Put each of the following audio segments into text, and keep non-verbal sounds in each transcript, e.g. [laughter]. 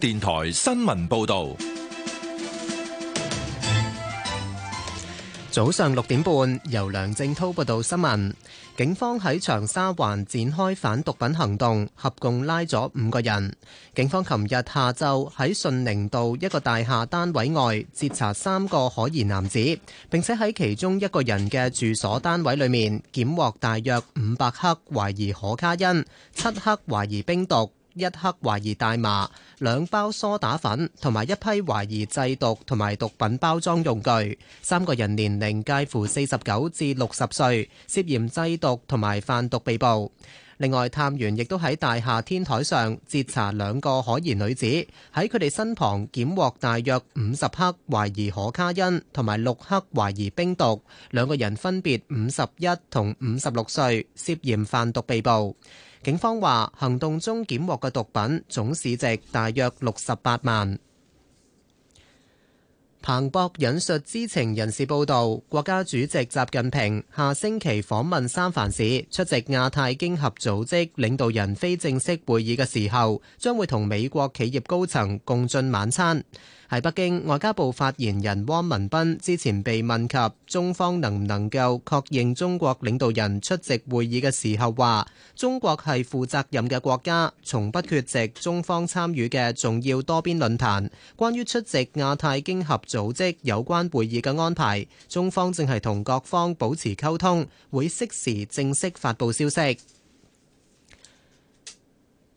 電台新聞報道，早上六點半，由梁正濤報道新聞。警方喺長沙灣展開反毒品行動，合共拉咗五個人。警方琴日下晝喺順寧道一個大廈單位外截查三個可疑男子，並且喺其中一個人嘅住所單位裏面檢獲大約五百克懷疑可卡因、七克懷疑冰毒、一克懷疑大麻。兩包梳打粉同埋一批懷疑製毒同埋毒品包裝用具，三個人年齡介乎四十九至六十歲，涉嫌製毒同埋販毒被捕。另外，探員亦都喺大廈天台上截查兩個可疑女子，喺佢哋身旁檢獲大約五十克懷疑可卡因同埋六克懷疑冰毒，兩個人分別五十一同五十六歲，涉嫌販毒被捕。警方話，行動中檢獲嘅毒品總市值大約六十八萬。彭博引述知情人士報道，國家主席習近平下星期訪問三藩市，出席亞太經合組織領導人非正式會議嘅時候，將會同美國企業高層共進晚餐。喺北京，外交部發言人汪文斌之前被問及中方能唔能夠確認中國領導人出席會議嘅時候，話中國係負責任嘅國家，從不缺席中方參與嘅重要多邊論壇。關於出席亞太經合組織有關會議嘅安排，中方正係同各方保持溝通，會適時正式發布消息。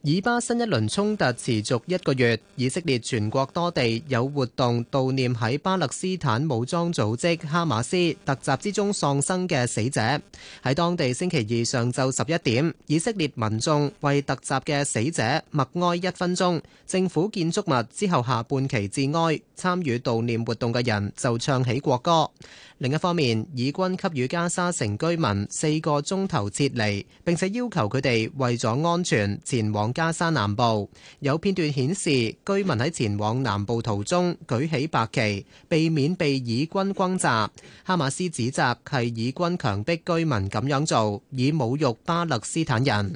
以巴新一輪衝突持續一個月，以色列全國多地有活動悼念喺巴勒斯坦武裝組織哈馬斯突襲之中喪生嘅死者。喺當地星期二上晝十一點，以色列民眾為突襲嘅死者默哀一分鐘，政府建築物之後下半旗致哀。參與悼念活動嘅人就唱起國歌。另一方面，以軍給予加沙城居民四個鐘頭撤離，並且要求佢哋為咗安全前往。加沙南部有片段顯示，居民喺前往南部途中舉起白旗，避免被以軍轟炸。哈馬斯指責係以軍強迫居民咁樣做，以侮辱巴勒斯坦人。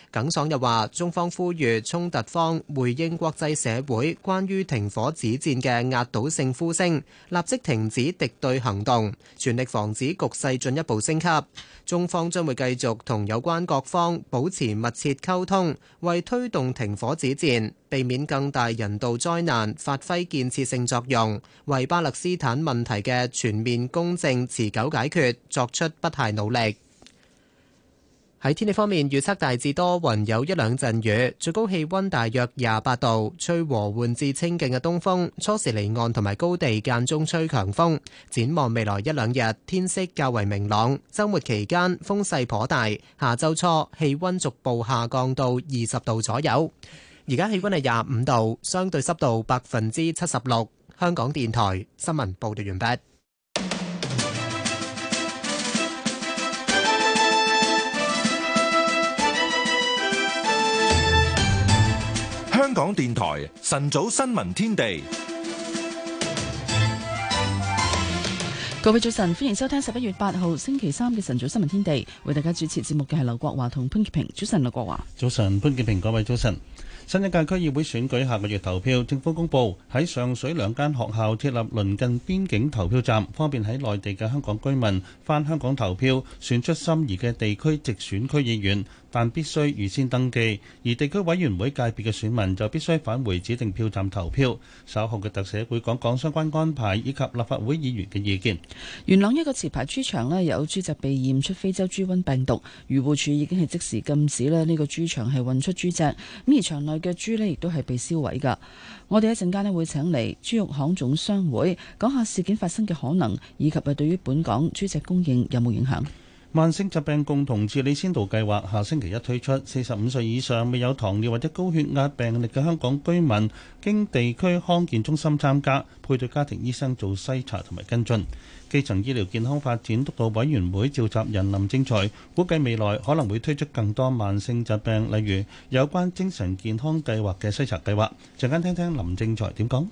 耿爽又話：中方呼籲衝突方回應國際社會關於停火止戰嘅壓倒性呼聲，立即停止敵對行動，全力防止局勢進一步升級。中方將會繼續同有關各方保持密切溝通，為推動停火止戰、避免更大人道災難，發揮建設性作用，為巴勒斯坦問題嘅全面公正持久解決作出不懈努力。喺天氣方面，預測大致多雲，有一兩陣雨，最高氣溫大約廿八度，吹和緩至清勁嘅東風，初時離岸同埋高地間中吹強風。展望未來一兩日，天色較為明朗，周末期間風勢頗大，下周初氣溫逐步下降到二十度左右。而家氣溫係廿五度，相對濕度百分之七十六。香港電台新聞報道完畢。香港電台晨早新聞天地，各位早晨，歡迎收聽十一月八號星期三嘅晨早新聞天地，為大家主持節目嘅係劉國華同潘潔平。早晨，劉國華，早晨，潘潔平，各位早晨。新一屆區議會選舉下個月投票，政府公布喺上水兩間學校設立鄰近邊境投票站，方便喺內地嘅香港居民翻香港投票，選出心儀嘅地區直選區議員。但必須預先登記，而地區委員會界別嘅選民就必須返回指定票站投票。稍後嘅特寫會講講相關安排以及立法會議員嘅意見。元朗一個持牌豬場呢，有豬隻被驗出非洲豬瘟病毒，漁護署已經係即時禁止咧呢個豬場係運出豬隻，咁而場內嘅豬呢，亦都係被燒毀㗎。我哋一陣間咧會請嚟豬肉行總商會講下事件發生嘅可能，以及係對於本港豬隻供應有冇影響。慢性疾病共同治理先導計劃下星期一推出，四十五歲以上未有糖尿或者高血壓病歷嘅香港居民，經地區康健中心參加，配對家庭醫生做篩查同埋跟進。基層醫療健康發展督導委員會召集人林正財估計未來可能會推出更多慢性疾病，例如有關精神健康計劃嘅篩查計劃。陣間聽聽林正財點講。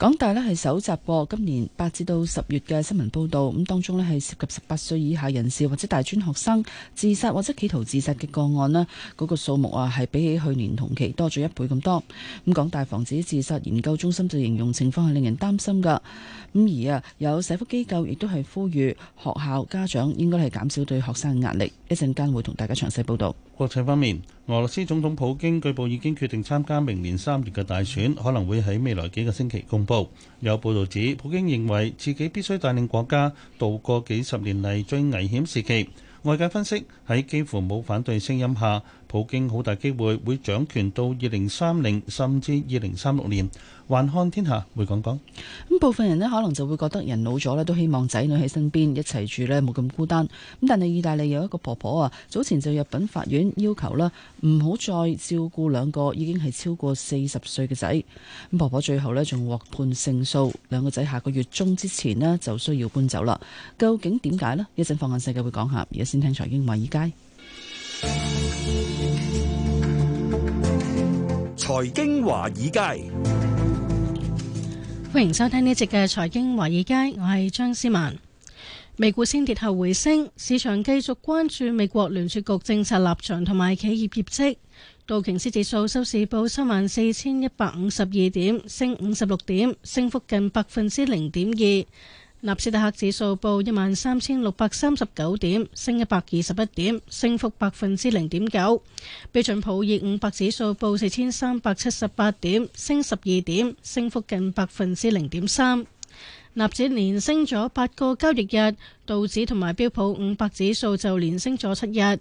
港大呢係蒐集過今年八至到十月嘅新聞報導，咁當中呢係涉及十八歲以下人士或者大專學生自殺或者企圖自殺嘅個案呢嗰、嗰個數目啊係比起去年同期多咗一倍咁多。咁港大防止自殺研究中心就形容情況係令人擔心㗎。咁而啊有社福機構亦都係呼籲學校家長應該係減少對學生嘅壓力。一陣間會同大家詳細報導。國際方面，俄羅斯總統普京據報已經決定參加明年三月嘅大選，可能會喺未來幾個星期公。有報道指，普京認為自己必須帶領國家度過幾十年嚟最危險時期，外界分析喺幾乎冇反對聲音下。普京好大機會會掌權到二零三零甚至二零三六年，還看天下會講講。咁、嗯、部分人呢，可能就會覺得人老咗呢，都希望仔女喺身邊一齊住呢，冇咁孤單。咁但係意大利有一個婆婆啊，早前就入禀法院要求啦，唔好再照顧兩個已經係超過四十歲嘅仔。咁、嗯、婆婆最後呢，仲獲判勝訴，兩個仔下個月中之前呢，就需要搬走啦。究竟點解呢？一陣放眼世界會講下，而家先聽財經華爾街。財經華爾街，歡迎收聽呢集嘅財經華爾街，我係張思曼。美股先跌後回升，市場繼續關注美國聯儲局政策立場同埋企業業績。道瓊斯指數收市報三萬四千一百五十二點，升五十六點，升幅近百分之零點二。納斯達克指數報一萬三千六百三十九點，升一百二十一點，升幅百分之零點九。標準普爾五百指數報四千三百七十八點，升十二點，升幅近百分之零點三。納指連升咗八個交易日，道指同埋標普五百指數就連升咗七日，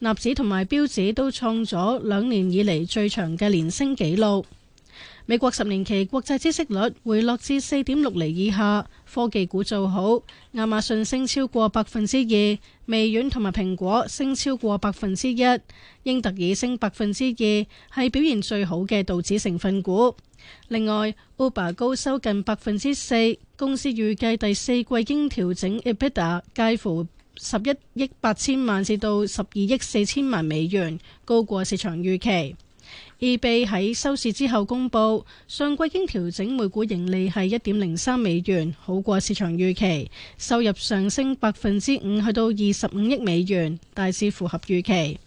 納指同埋標指都創咗兩年以嚟最長嘅連升紀錄。美國十年期國債孳息率回落至四點六厘以下，科技股做好，亞馬遜升超過百分之二，微軟同埋蘋果升超過百分之一，英特爾升百分之二，係表現最好嘅道指成分股。另外，Uber 高收近百分之四，公司預計第四季經調整 EBITDA 介乎十一億八千萬至到十二億四千萬美元，高過市場預期。eBay 喺收市之後公布，上季經調整每股盈利係一點零三美元，好過市場預期，收入上升百分之五，去到二十五億美元，大致符合預期。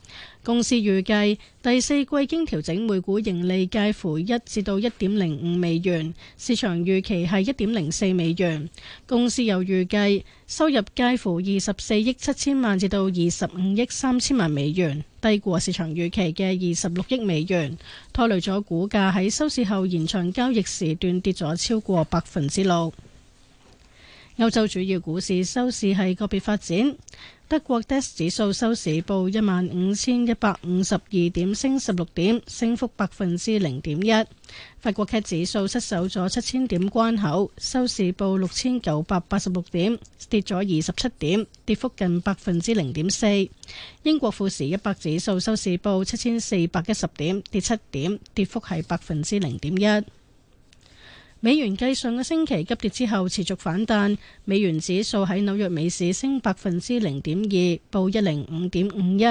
公司預計第四季經調整每股盈利介乎一至到一點零五美元，市場預期係一點零四美元。公司又預計收入介乎二十四億七千萬至到二十五億三千萬美元，低過市場預期嘅二十六億美元，拖累咗股價喺收市後延長交易時段跌咗超過百分之六。歐洲主要股市收市係個別發展，德國 DAX 指數收市報一萬五千一百五十二點，升十六點，升幅百分之零點一。法國 CAC 指數失守咗七千點關口，收市報六千九百八十六點，跌咗二十七點，跌幅近百分之零點四。英國富時一百指數收市報七千四百一十點，跌七點，跌幅係百分之零點一。美元繼上個星期急跌之後，持續反彈。美元指數喺紐約美市升百分之零點二，報一零五點五一。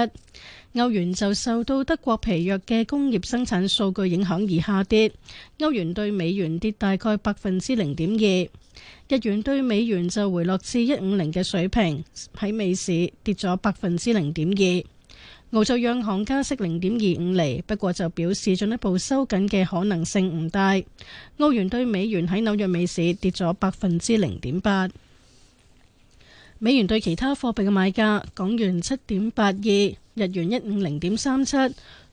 歐元就受到德國疲弱嘅工業生產數據影響而下跌，歐元對美元跌大概百分之零點二。日元對美元就回落至一五零嘅水平，喺美市跌咗百分之零點二。澳洲央行加息零點二五厘，不過就表示進一步收緊嘅可能性唔大。澳元兌美元喺紐約美市跌咗百分之零點八。美元對其他貨幣嘅買價，港元七點八二，日元一五零點三七，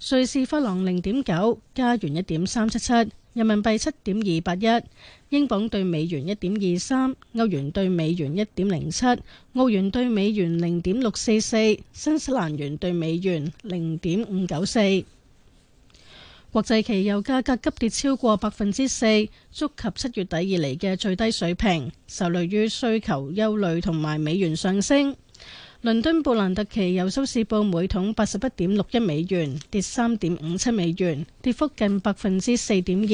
瑞士法郎零點九，加元一點三七七。人民幣七點二八一，英鎊兌美元一點二三，歐元兌美元一點零七，澳元兌美元零點六四四，新西蘭元兌美元零點五九四。國際期油價格急跌超過百分之四，觸及七月底以嚟嘅最低水平，受累於需求憂慮同埋美元上升。倫敦布蘭特期油收市報每桶八十一點六一美元，跌三點五七美元，跌幅近百分之四點二。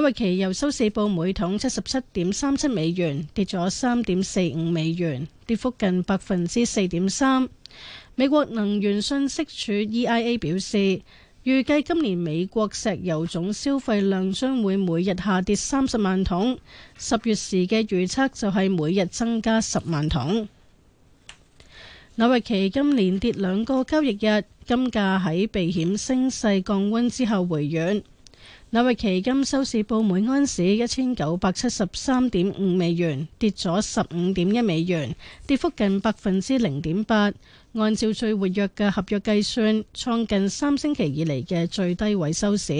紐約期油收市報每桶七十七點三七美元，跌咗三點四五美元，跌幅近百分之四點三。美國能源信息署 EIA 表示，預計今年美國石油總消費量將會每日下跌三十萬桶，十月時嘅預測就係每日增加十萬桶。紐約期金連跌兩個交易日，金價喺避險升勢降溫之後回軟。紐約期金收市報每安士一千九百七十三點五美元，跌咗十五點一美元，跌幅近百分之零點八。按照最活躍嘅合約計算，創近三星期以嚟嘅最低位收市。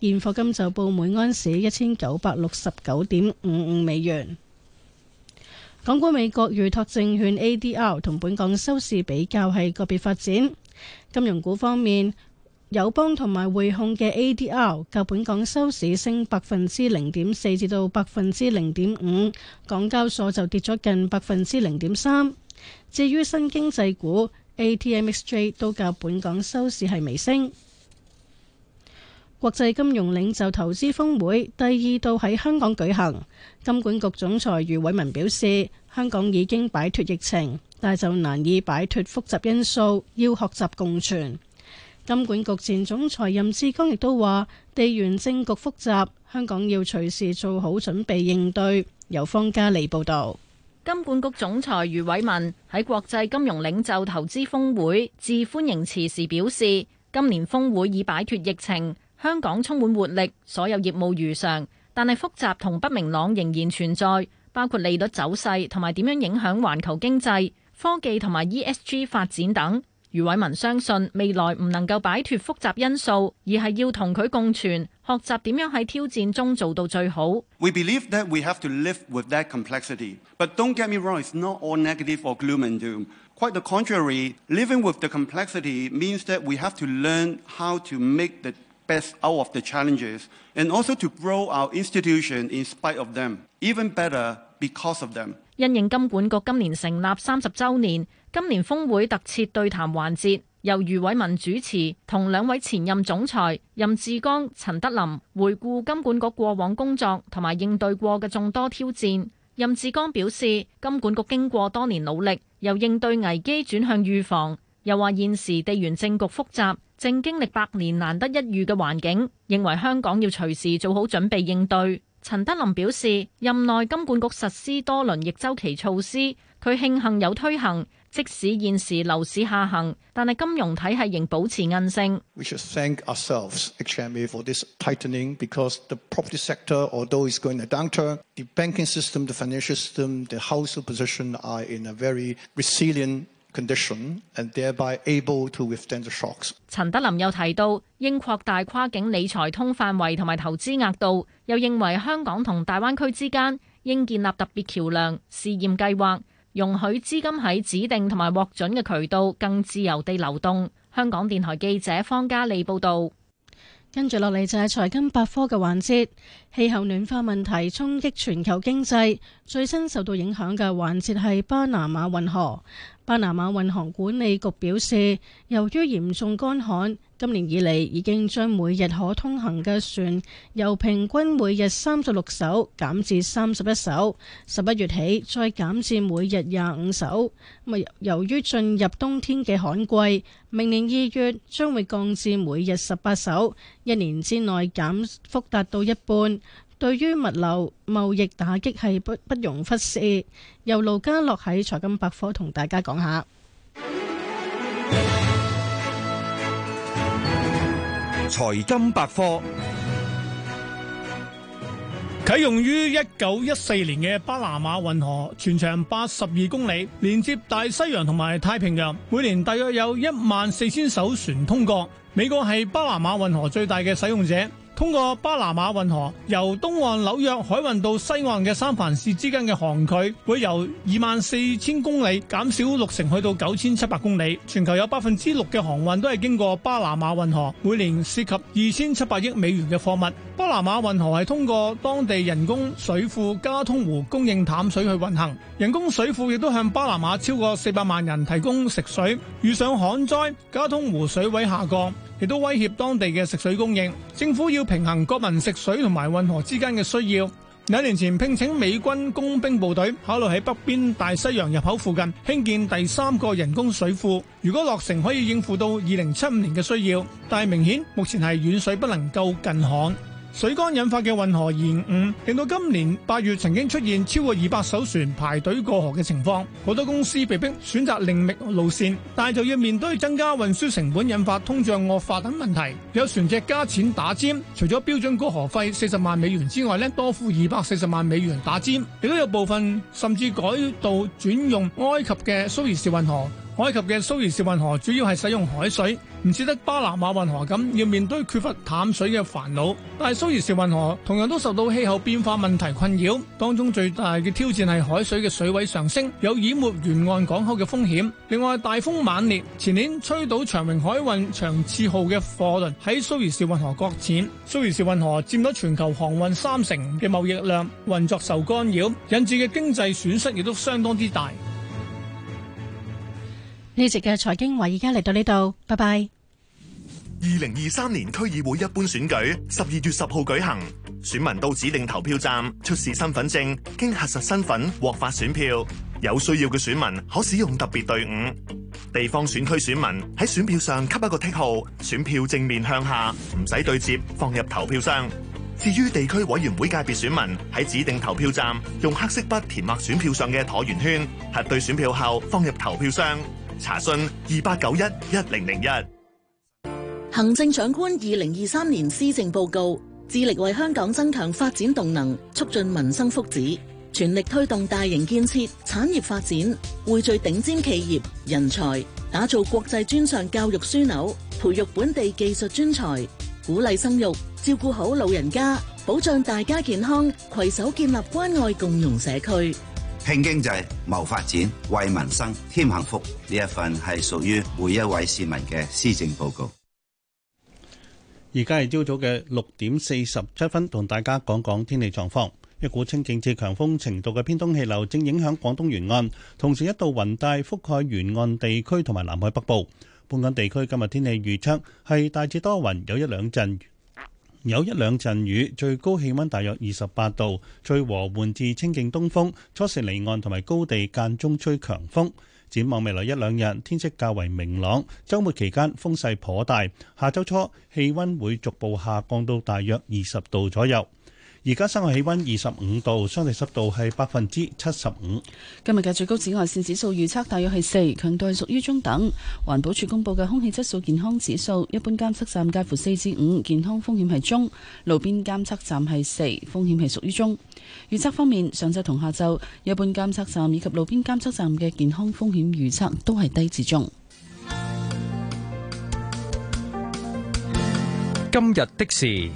現貨金就報每安士一千九百六十九點五五美元。港股、美國預託證券 ADR 同本港收市比較係個別發展。金融股方面，友邦同埋匯控嘅 ADR 較本港收市升百分之零點四至到百分之零點五，港交所就跌咗近百分之零點三。至於新經濟股 ATMXJ 都較本港收市係微升。國際金融領袖投資峰會第二度喺香港舉行。金管局總裁余偉文表示，香港已經擺脫疫情，但就難以擺脫複雜因素，要學習共存。金管局前總裁任志剛亦都話，地緣政局複雜，香港要隨時做好準備應對。由方嘉利報道。金管局總裁余偉文喺國際金融領袖投資峰會致歡迎辭時表示，今年峰會已擺脫疫情。香港充滿活力，所有業務如常，但係複雜同不明朗仍然存在，包括利率走勢同埋點樣影響環球經濟、科技同埋 ESG 發展等。余偉文相信未來唔能夠擺脫複雜因素，而係要同佢共存，學習點樣喺挑戰中做到最好。Best out of the challenges，and also to grow our institution in spite of them，even better because of them。因應金管局今年成立三十週年，今年峰會特設對談環節，由余偉文主持，同兩位前任總裁任志剛、陳德霖回顧金管局過往工作同埋應對過嘅眾多挑戰。任志剛表示，金管局經過多年努力，由應對危機轉向預防，又話現時地緣政局複雜。正經歷百年難得一遇嘅環境，認為香港要隨時做好準備應對。陳德霖表示，任內金管局實施多輪逆周期措施，佢慶幸有推行。即使現時樓市下行，但係金融體系仍保持韌性。condition and thereby able to withstand the shocks。陳德霖又提到，應擴大跨境理財通範圍同埋投資額度，又認為香港同大灣區之間應建立特別橋梁試驗計劃，容許資金喺指定同埋獲准嘅渠道更自由地流動。香港電台記者方嘉莉報道。跟住落嚟就係財經百科嘅環節。氣候暖化問題衝擊全球經濟，最新受到影響嘅環節係巴拿馬運河。巴拿馬運河管理局表示，由於嚴重乾旱，今年以嚟已經將每日可通行嘅船由平均每日三十六艘減至三十一艘，十一月起再減至每日廿五艘。咁由於進入冬天嘅旱季，明年二月將會降至每日十八艘，一年之內減幅達到一半。對於物流貿易打擊係不不容忽視，由盧家樂喺財金百科同大家講下。財金百科。啟用於一九一四年嘅巴拿馬運河，全長八十二公里，連接大西洋同埋太平洋，每年大約有一萬四千艘船通過。美國係巴拿馬運河最大嘅使用者。通過巴拿馬運河，由東岸紐約海運到西岸嘅三藩市之間嘅航距會由二萬四千公里減少六成去到九千七百公里。全球有百分之六嘅航運都係經過巴拿馬運河，每年涉及二千七百億美元嘅貨物。巴拿馬運河係通過當地人工水庫加通湖供應淡水去運行，人工水庫亦都向巴拿馬超過四百萬人提供食水。遇上旱災，加通湖水位下降。亦都威脅當地嘅食水供應，政府要平衡國民食水同埋運河之間嘅需要。兩年前聘請美軍工兵部隊考慮喺北邊大西洋入口附近興建第三個人工水庫，如果落成可以應付到二零七五年嘅需要，但係明顯目前係遠水不能夠救近渴。水乾引發嘅運河延誤令到今年八月曾經出現超過二百艘船排隊過河嘅情況，好多公司被迫選擇另覓路線，但係就要面對增加運輸成本、引發通脹惡化等問題，有船隻加錢打尖，除咗標準過河費四十萬美元之外，咧多付二百四十萬美元打尖。亦都有部分甚至改道轉用埃及嘅蘇伊士運河。埃及嘅蘇伊士運河主要係使用海水，唔似得巴拿馬運河咁要面對缺乏淡水嘅煩惱。但係蘇伊士運河同樣都受到氣候變化問題困擾，當中最大嘅挑戰係海水嘅水位上升，有淹沒沿岸港口嘅風險。另外大風猛烈，前年吹倒長榮海運長賜號嘅貨輪喺蘇伊士運河擱淺。蘇伊士運河佔咗全球航運三成嘅貿易量，運作受干擾，引致嘅經濟損失亦都相當之大。呢集嘅財經話，而家嚟到呢度，拜拜。二零二三年區議會一般選舉十二月十號舉行，選民到指定投票站出示身份證，經核實身份獲發選票。有需要嘅選民可使用特別隊伍。地方選區選民喺選票上給一個剔號，選票正面向下，唔使對接放入投票箱。至於地區委員會界別選民喺指定投票站用黑色筆填墨選票上嘅橢圓圈，核對選票後放入投票箱。查詢二八九一一零零一。行政長官二零二三年施政報告，致力為香港增強發展動能，促進民生福祉，全力推動大型建設、產業發展，匯聚頂尖企業人才，打造國際專上教育樞紐，培育本地技術專才，鼓勵生育，照顧好老人家，保障大家健康，攜手建立關愛共融社區。拼經濟、謀發展、為民生添幸福，呢一份係屬於每一位市民嘅施政報告。而家係朝早嘅六點四十七分，同大家講講天氣狀況。一股清勁至強風程度嘅偏東氣流正影響廣東沿岸，同時一道雲帶覆蓋沿岸地區同埋南海北部。本港地區今日天氣預測係大致多雲，有一兩陣。有一兩陣雨，最高氣温大約二十八度，最和緩至清勁東風，初時離岸同埋高地間中吹強風。展望未來一兩日天色較為明朗，周末期間風勢頗大，下周初氣温會逐步下降到大約二十度左右。而家室外氣溫二十五度，相對濕度係百分之七十五。今日嘅最高紫外綫指數預測大約係四，強度係屬於中等。環保署公布嘅空氣質素健康指數，一般監測站介乎四至五，健康風險係中；路邊監測站係四，風險係屬於中。預測方面，上晝同下晝，一般監測站以及路邊監測站嘅健康風險預測都係低至中。今日的事。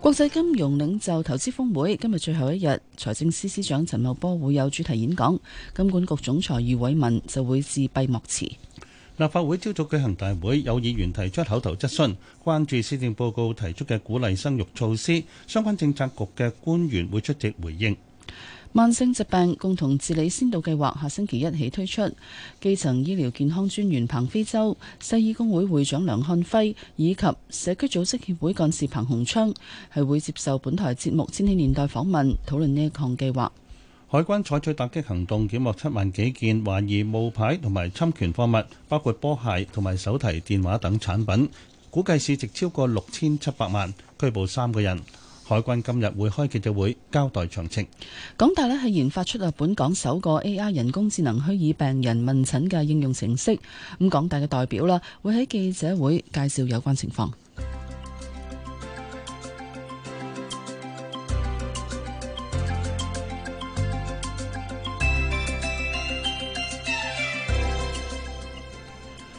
國際金融領袖投資峰會今日最後一日，財政司司長陳茂波會有主題演講，金管局總裁余偉文就會致閉幕辭。立法會朝早舉行大會，有議員提出口頭質詢，關注施政報告提出嘅鼓勵生育措施，相關政策局嘅官員會出席回應。慢性疾病共同治理先導計劃下星期一起推出，基層醫療健康專員彭飛洲、西醫工會會長梁漢輝以及社區組織協會幹事彭洪昌，係會接受本台節目《千禧年代》訪問，討論呢一項計劃。海關採取打擊行動檢獲七萬幾件懷疑冒牌同埋侵權貨物，包括波鞋同埋手提電話等產品，估計市值超過六千七百萬，拘捕三個人。海軍今日會開記者會交代詳情。港大咧係研發出啊，本港首個 AI 人工智能虛擬病人問診嘅應用程式。咁港大嘅代表啦，會喺記者會介紹有關情況。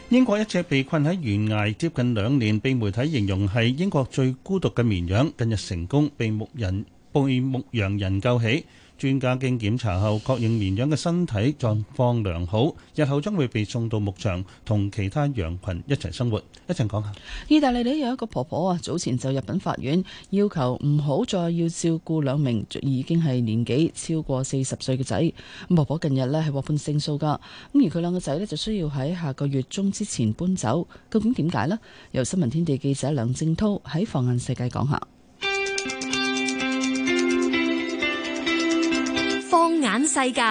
英國一隻被困喺懸崖接近兩年，被媒體形容係英國最孤獨嘅綿羊，近日成功被牧人、被牧羊人救起。專家經檢查後確認綿羊嘅身體狀況良好，日後將會被送到牧場同其他羊群一齊生活。一陣講下。意大利呢有一個婆婆啊，早前就入稟法院要求唔好再要照顧兩名已經係年紀超過四十歲嘅仔。咁婆婆近日呢係獲判勝訴噶，咁而佢兩個仔呢就需要喺下個月中之前搬走。究竟點解呢？由新聞天地記者梁正濤喺放眼世界講下。世界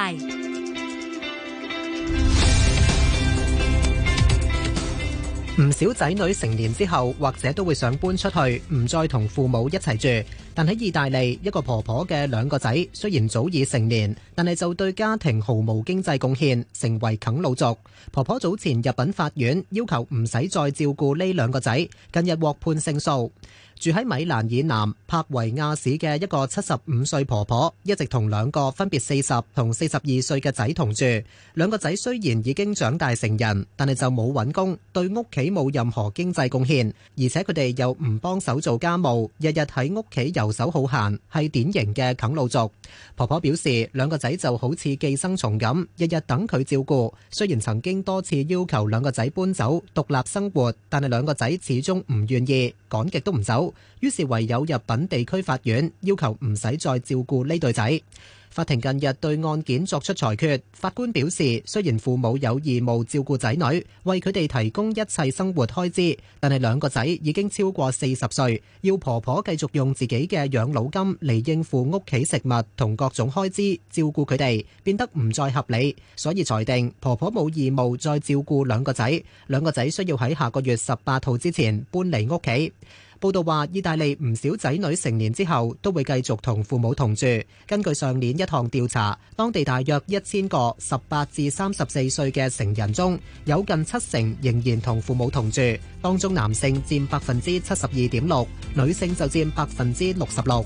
唔少仔女成年之後，或者都會想搬出去，唔再同父母一齊住。但喺意大利，一個婆婆嘅兩個仔雖然早已成年，但係就對家庭毫無經濟貢獻，成為啃老族。婆婆早前入稟法院，要求唔使再照顧呢兩個仔，近日獲判勝訴。住喺米蘭以南帕維亞市嘅一個七十五歲婆婆，一直同兩個分別四十同四十二歲嘅仔同住。兩個仔雖然已經長大成人，但係就冇揾工，對屋企冇任何經濟貢獻，而且佢哋又唔幫手做家務，日日喺屋企游手好閒，係典型嘅啃老族。婆婆表示，兩個仔就好似寄生蟲咁，日日等佢照顧。雖然曾經多次要求兩個仔搬走，獨立生活，但係兩個仔始終唔願意，趕極都唔走。於是唯有入稟地區法院，要求唔使再照顧呢對仔。法庭近日對案件作出裁決，法官表示，雖然父母有義務照顧仔女，為佢哋提供一切生活開支，但係兩個仔已經超過四十歲，要婆婆繼續用自己嘅養老金嚟應付屋企食物同各種開支，照顧佢哋變得唔再合理，所以裁定婆婆冇義務再照顧兩個仔。兩個仔需要喺下個月十八號之前搬離屋企。報道話，意大利唔少仔女成年之後都會繼續同父母同住。根據上年一項調查，當地大約一千個十八至三十四歲嘅成人中，有近七成仍然同父母同住，當中男性佔百分之七十二點六，女性就佔百分之六十六。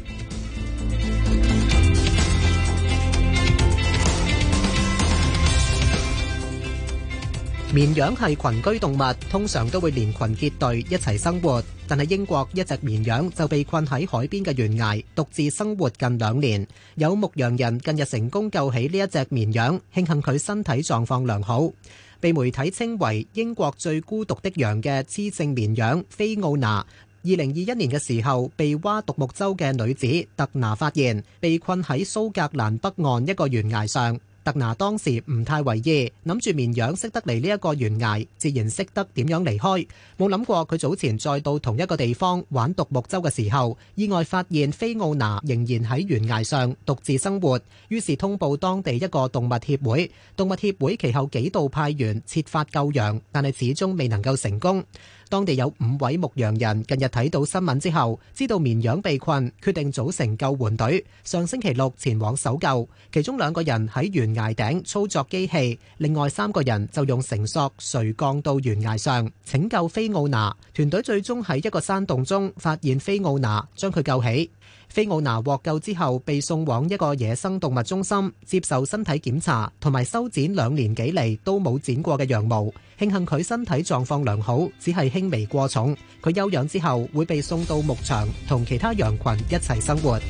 綿羊係群居動物，通常都會連群結隊一齊生活。但係英國一隻綿羊就被困喺海邊嘅懸崖獨自生活近兩年。有牧羊人近日成功救起呢一隻綿羊，慶幸佢身體狀況良好，被媒體稱為英國最孤獨的羊嘅雌性綿羊菲奧娜。二零二一年嘅時候，被划獨木舟嘅女子特拿發現，被困喺蘇格蘭北岸一個懸崖上。特拿當時唔太為意，諗住綿羊識得嚟呢一個懸崖，自然識得點樣離開，冇諗過佢早前再到同一個地方玩獨木舟嘅時候，意外發現菲奧娜仍然喺懸崖上獨自生活，於是通報當地一個動物協會，動物協會其後幾度派員設法救羊，但係始終未能夠成功。當地有五位牧羊人，近日睇到新聞之後，知道綿羊被困，決定組成救援隊。上星期六前往搜救，其中兩個人喺懸崖頂操作機器，另外三個人就用繩索垂降到懸崖上拯救菲奧娜。團隊最終喺一個山洞中發現菲奧娜，將佢救起。菲奧娜獲救之後，被送往一個野生動物中心接受身體檢查，同埋修剪兩年幾嚟都冇剪過嘅羊毛。慶幸佢身體狀況良好，只係輕微過重。佢休養之後，會被送到牧場同其他羊群一齊生活。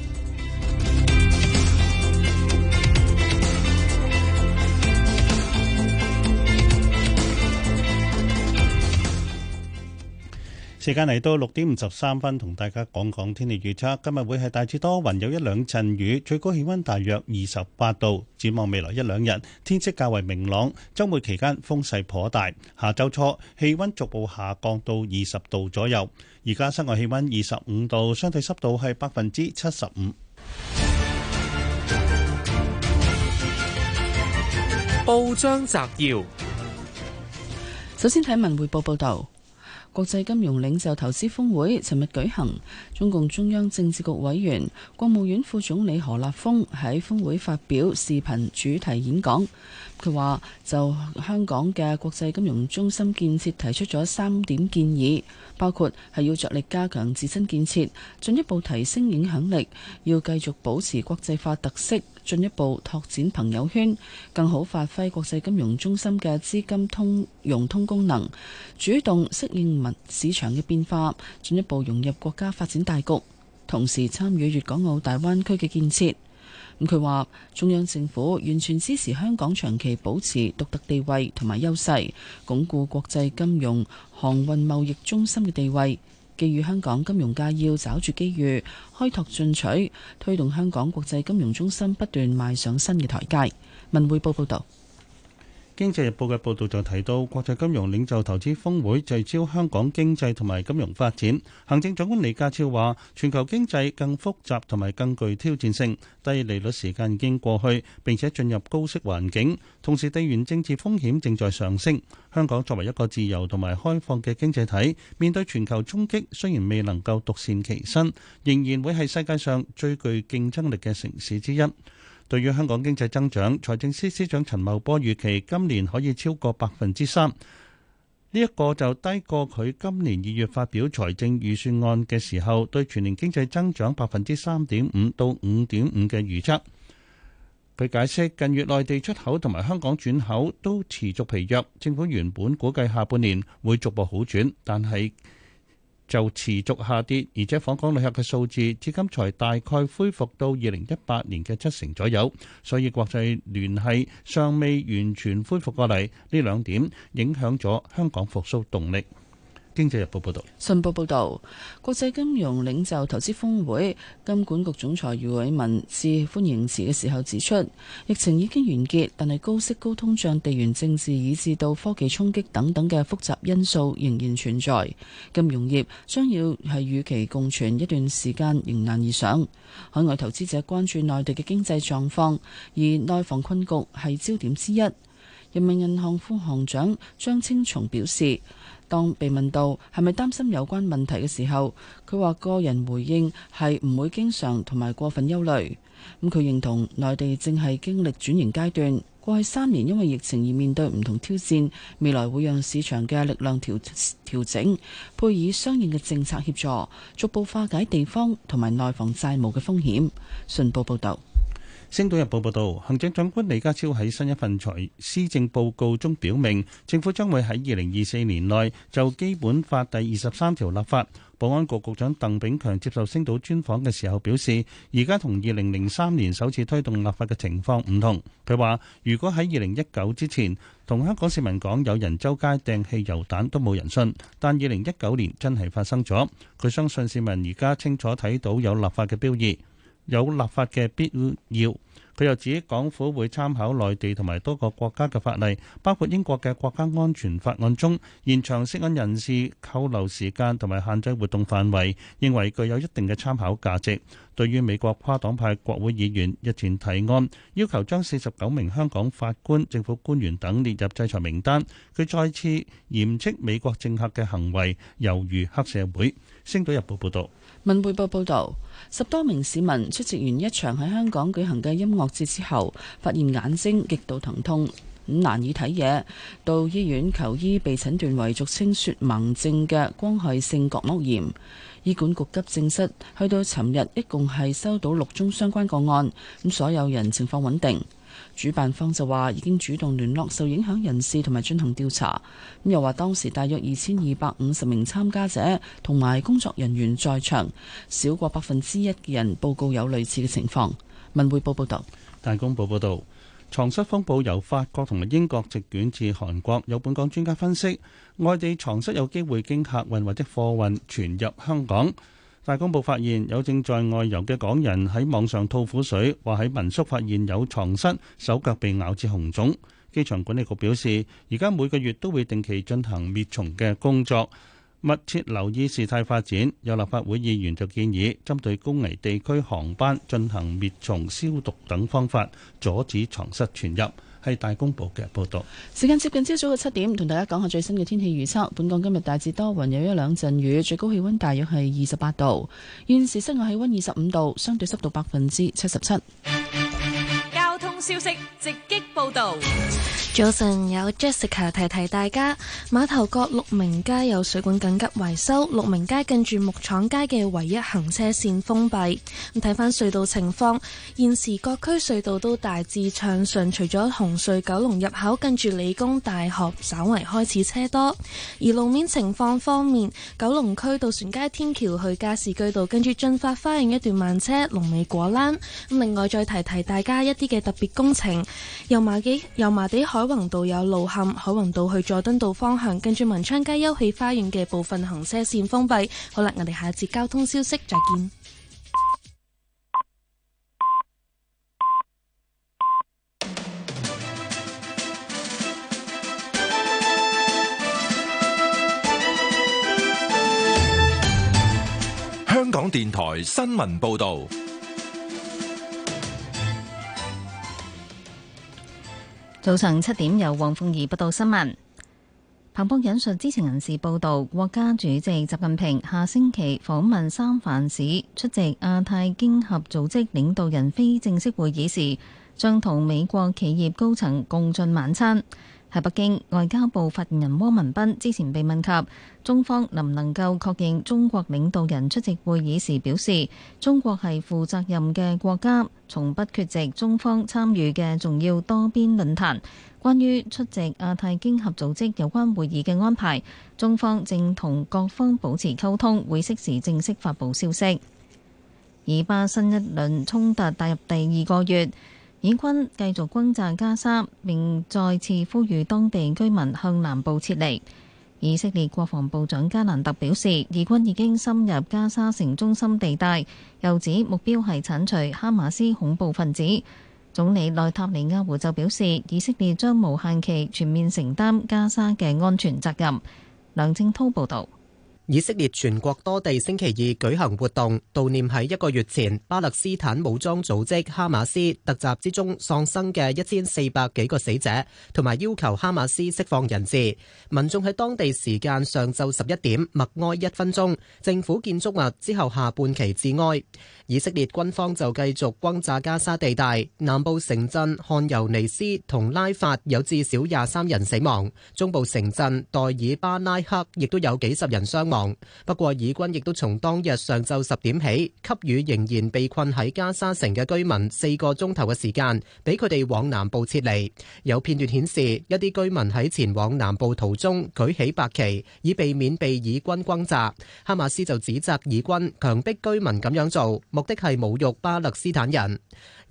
時間嚟到六點五十三分，同大家講講天氣預測。今日會係大致多雲，雲有一兩陣雨，最高氣温大約二十八度。展望未來一兩日，天色較為明朗。周末期間風勢頗大。下周初氣温逐步下降到二十度左右。而家室外氣温二十五度，相對濕度係百分之七十五。報章摘要：首先睇文匯報報道。國際金融領袖投資峰會尋日舉行，中共中央政治局委員、國務院副總理何立峰喺峰會發表視頻主題演講。佢話，就香港嘅國際金融中心建設提出咗三點建議，包括係要着力加強自身建設，進一步提升影響力，要繼續保持國際化特色，進一步拓展朋友圈，更好發揮國際金融中心嘅資金通融通功能，主動適應物市場嘅變化，進一步融入國家發展大局，同時參與粵港澳大灣區嘅建設。咁佢話，中央政府完全支持香港長期保持獨特地位同埋優勢，鞏固國際金融、航運、貿易中心嘅地位。寄予香港金融界要抓住機遇，開拓進取，推動香港國際金融中心不斷邁上新嘅台階。文匯報報道。經濟日報嘅報導就提到，國際金融領袖投資峰會聚焦香港經濟同埋金融發展。行政長官李家超話：全球經濟更複雜同埋更具挑戰性，低利率時間已經過去，並且進入高息環境。同時，地緣政治風險正在上升。香港作為一個自由同埋開放嘅經濟體，面對全球衝擊，雖然未能夠獨善其身，仍然會係世界上最具競爭力嘅城市之一。對於香港經濟增長，財政司司長陳茂波預期今年可以超過百分之三，呢一個就低過佢今年二月發表財政預算案嘅時候對全年經濟增長百分之三點五到五點五嘅預測。佢解釋，近月內地出口同埋香港轉口都持續疲弱，政府原本估計下半年會逐步好轉，但係，就持續下跌，而且訪港旅客嘅數字至今才大概恢復到二零一八年嘅七成左右，所以國際聯繫尚未完全恢復過嚟，呢兩點影響咗香港復甦動力。經濟日報報導，信報報導，國際金融領袖投資峰會，金管局總裁余偉文致歡迎詞嘅時候指出，疫情已經完結，但係高息、高通脹、地緣政治以至到科技衝擊等等嘅複雜因素仍然存在，金融業將要係與其共存一段時間，迎難而上。海外投資者關注內地嘅經濟狀況，而內房困局係焦點之一。人民銀行副行長張青松表示。當被問到係咪擔心有關問題嘅時候，佢話個人回應係唔會經常同埋過分憂慮。咁佢認同內地正係經歷轉型階段，過去三年因為疫情而面對唔同挑戰，未來會讓市場嘅力量調調整，配以相應嘅政策協助，逐步化解地方同埋內房債務嘅風險。信報報道。《星島日報》報導，行政長官李家超喺新一份財施政報告中表明，政府將會喺二零二四年內就《基本法》第二十三條立法。保安局局長鄧炳強接受《星島》專訪嘅時候表示，而家同二零零三年首次推動立法嘅情況唔同。佢話：如果喺二零一九之前同香港市民講有人周街掟汽油彈都冇人信，但二零一九年真係發生咗。佢相信市民而家清楚睇到有立法嘅標誌。有立法嘅必要。佢又指，港府會參考內地同埋多個國家嘅法例，包括英國嘅國家安全法案中延長涉案人士扣留時間同埋限制活動範圍，認為具有一定嘅參考價值。對於美國跨黨派國會議員日前提案要求將四十九名香港法官、政府官員等列入制裁名單，佢再次嚴斥美國政客嘅行為猶如黑社會。星島日報報道。文匯報報道，十多名市民出席完一場喺香港舉行嘅音樂節之後，發現眼睛極度疼痛，咁難以睇嘢，到醫院求醫，被診斷為俗稱雪盲症嘅光害性角膜炎。醫管局急症室去到尋日，一共係收到六宗相關個案，咁所有人情況穩定。主辦方就話已經主動聯絡受影響人士同埋進行調查，咁又話當時大約二千二百五十名參加者同埋工作人員在場，少過百分之一嘅人報告有類似嘅情況。文匯報報道。大公報報道，床蝨風暴由法國同埋英國席捲至韓國，有本港專家分析，外地床蝨有機會經客運或者貨運傳入香港。大公報發現有正在外遊嘅港人喺網上吐苦水，話喺民宿發現有床蝨，手腳被咬至紅腫。機場管理局表示，而家每個月都會定期進行滅蟲嘅工作，密切留意事態發展。有立法會議員就建議針對高危地區航班進行滅蟲、消毒等方法，阻止床蝨傳入。係大公報嘅報道。時間接近朝早嘅七點，同大家講下最新嘅天氣預測。本港今日大致多雲，有一兩陣雨，最高氣溫大約係二十八度。現時室外氣溫二十五度，相對濕度百分之七十七。交通消息直擊報道。早晨，有 Jessica 提提大家。馬頭角鹿鳴街有水管緊急維修，鹿鳴街近住木廠街嘅唯一行車線封閉。咁睇翻隧道情況，現時各區隧道都大致暢順，除咗紅隧九龍入口近住理工大學，稍為開始車多。而路面情況方面，九龍區渡船街天橋去加士居道，跟住駿發花園一段慢車。龍尾果欄。咁另外再提提大家一啲嘅特別工程，油麻幾油麻地海。海泓道有路陷，海泓道去佐敦道方向，跟住文昌街休憩花園嘅部分行車線封閉。好啦，我哋下一節交通消息再見。香港電台新聞報道。早晨七點，由黃鳳儀報道新聞。彭博引述知情人士報道，國家主席習近平下星期訪問三藩市，出席亞太經合組織領導人非正式會議時，將同美國企業高層共進晚餐。喺北京，外交部發言人汪文斌之前被問及中方能唔能夠確認中國領導人出席會議時表示，中國係負責任嘅國家，從不缺席中方參與嘅重要多邊論壇。關於出席亞太經合組織有關會議嘅安排，中方正同各方保持溝通，會適時正式發布消息。以巴新一輪衝突踏入第二個月。以軍繼續轟炸加沙，並再次呼籲當地居民向南部撤離。以色列國防部長加蘭特表示，以軍已經深入加沙城中心地帶，又指目標係剷除哈馬斯恐怖分子。總理內塔尼亞胡就表示，以色列將無限期全面承擔加沙嘅安全責任。梁正滔報導。以色列全國多地星期二舉行活動，悼念喺一個月前巴勒斯坦武裝組織哈馬斯突襲之中喪生嘅一千四百幾個死者，同埋要求哈馬斯釋放人質。民眾喺當地時間上晝十一點默哀一分鐘，政府建築物之後下半旗致哀。以色列軍方就繼續轟炸加沙地帶，南部城鎮汗尤尼斯同拉法有至少廿三人死亡，中部城鎮代爾巴拉克亦都有幾十人傷亡。不過，以軍亦都從當日上晝十點起，給予仍然被困喺加沙城嘅居民四個鐘頭嘅時間，俾佢哋往南部撤離。有片段顯示，一啲居民喺前往南部途中舉起白旗，以避免被以軍轟炸。哈馬斯就指責以軍強迫居民咁樣做。的係侮辱巴勒斯坦人。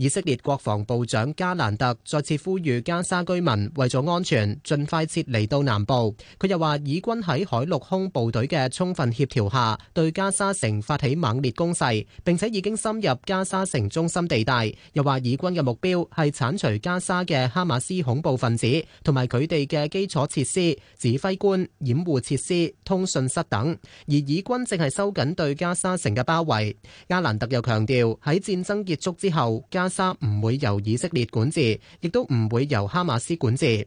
以色列國防部長加蘭特再次呼籲加沙居民為咗安全盡快撤離到南部。佢又話，以軍喺海陸空部隊嘅充分協調下，對加沙城發起猛烈攻勢，並且已經深入加沙城中心地帶。又話，以軍嘅目標係鏟除加沙嘅哈馬斯恐怖分子，同埋佢哋嘅基礎設施、指揮官掩護設施、通訊室等。而以軍正係收緊對加沙城嘅包圍。加蘭特又強調，喺戰爭結束之後，加沙唔會由以色列管治，亦都唔會由哈馬斯管治。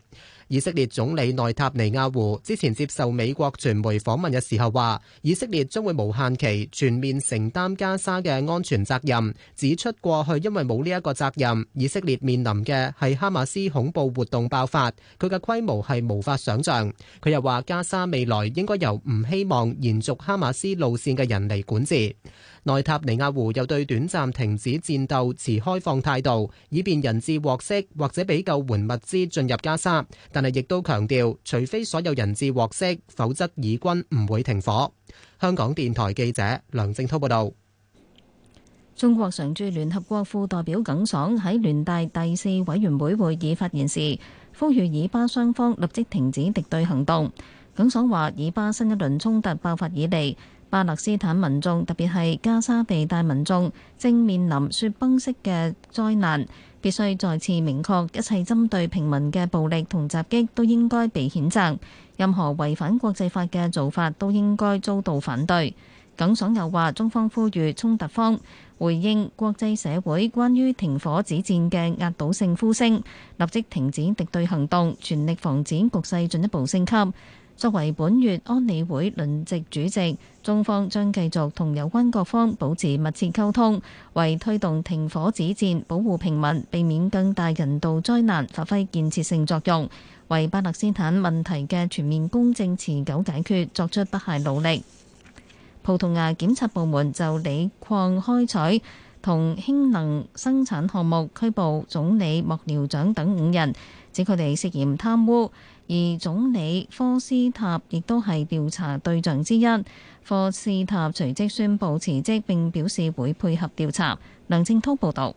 以色列總理內塔尼亞胡之前接受美國傳媒訪問嘅時候話，以色列將會無限期全面承擔加沙嘅安全責任，指出過去因為冇呢一個責任，以色列面臨嘅係哈馬斯恐怖活動爆發，佢嘅規模係無法想象。佢又話加沙未來應該由唔希望延續哈馬斯路線嘅人嚟管治。內塔尼亞胡又對短暫停止戰鬥持開放態度，以便人質獲釋或者俾救援物資進入加沙。亦都強調，除非所有人質獲釋，否則以軍唔會停火。香港電台記者梁正滔報導，中國常駐聯合國副代表耿爽喺聯大第四委員會會議發言時，呼籲以巴雙方立即停止敵對行動。耿爽話：以巴新一輪衝突爆發以嚟，巴勒斯坦民眾，特別係加沙地帶民眾，正面臨雪崩式嘅災難。必須再次明確，一切針對平民嘅暴力同襲擊都應該被譴責。任何違反國際法嘅做法都應該遭到反對。耿爽又話：中方呼籲衝突方回應國際社會關於停火止戰嘅壓倒性呼聲，立即停止敵對行動，全力防止局勢進一步升級。作為本月安理會輪值主席，中方將繼續同有關各方保持密切溝通，為推動停火止戰、保護平民、避免更大人道災難發揮建設性作用，為巴勒斯坦問題嘅全面公正持久解決作出不懈努力。葡萄牙檢察部門就鋰礦開採同氫能生產項目拘捕總理莫廖長等五人，指佢哋涉嫌貪污。而總理科斯塔亦都係調查對象之一，科斯塔隨即宣布辭職，並表示會配合調查。梁正滔報導。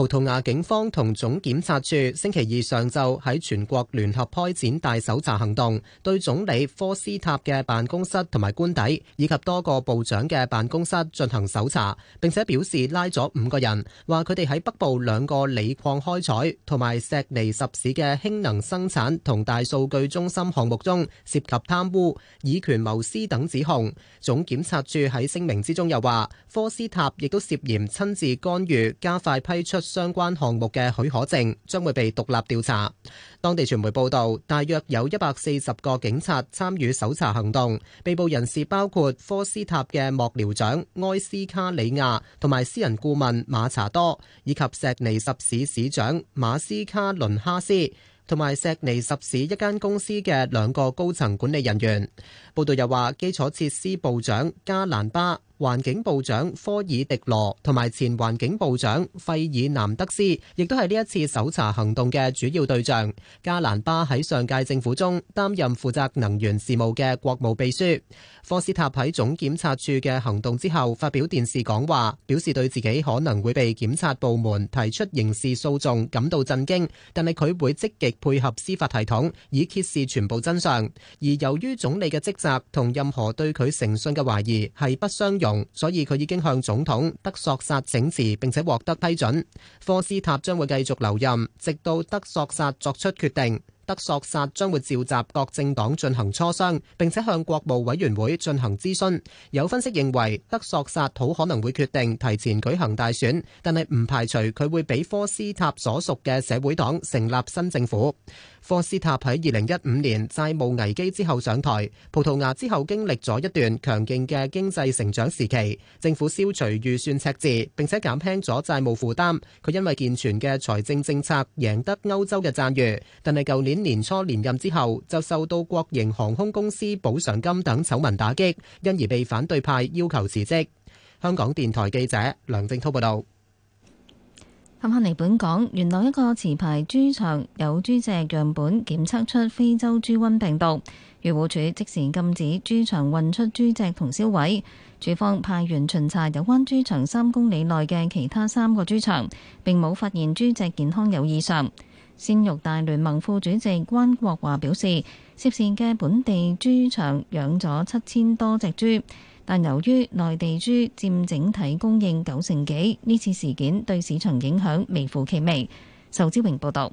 葡萄牙警方同總檢察處星期二上晝喺全國聯合開展大搜查行動，對總理科斯塔嘅辦公室同埋官邸，以及多個部長嘅辦公室進行搜查，並且表示拉咗五個人，話佢哋喺北部兩個鋰礦開採同埋石尼什市嘅氫能生產同大數據中心項目中涉及貪污、以權謀私等指控。總檢察處喺聲明之中又話，科斯塔亦都涉嫌親自干預加快批出。相關項目嘅許可證將會被獨立調查。當地傳媒報道，大約有一百四十個警察參與搜查行動。被捕人士包括科斯塔嘅幕僚長埃斯卡里亞，同埋私人顧問馬查多，以及石尼什市市長馬斯卡倫哈斯，同埋石尼什市一間公司嘅兩個高層管理人員。報道又話，基礎設施部長加蘭巴、環境部長科爾迪羅同埋前環境部長費爾南德斯亦都係呢一次搜查行動嘅主要對象。加蘭巴喺上屆政府中擔任負責能源事務嘅國務秘書。科斯塔喺總檢察處嘅行動之後發表電視講話，表示對自己可能會被檢察部門提出刑事訴訟感到震驚，但係佢會積極配合司法系統，以揭示全部真相。而由於總理嘅職責同任何對佢誠信嘅懷疑係不相容所以佢已經向總統德索薩請辭，並且獲得批准。科斯塔將會繼續留任，直到德索薩作出決定。德索薩將會召集各政黨進行磋商，並且向國務委員會進行諮詢。有分析認為，德索薩好可能會決定提前舉行大選，但係唔排除佢會俾科斯塔所屬嘅社會黨成立新政府。科斯塔喺二零一五年債務危機之後上台，葡萄牙之後經歷咗一段強勁嘅經濟成長時期，政府消除預算赤字並且減輕咗債務負擔。佢因為健全嘅財政政策贏得歐洲嘅讚譽，但係舊年年初連任之後就受到國營航空公司補償金等醜聞打擊，因而被反對派要求辭職。香港電台記者梁正滔報道。坎克尼本港，元朗一個持牌豬場有豬隻樣本檢測出非洲豬瘟病毒，漁護署即時禁止豬場運出豬隻同銷毀。署方派員巡查有關豬場三公里內嘅其他三個豬場，並冇發現豬隻健康有異常。鮮肉大聯盟副主席關國華表示，涉事嘅本地豬場養咗七千多隻豬。但由於內地豬佔整體供應九成幾，呢次事件對市場影響微乎其微。仇志榮報道。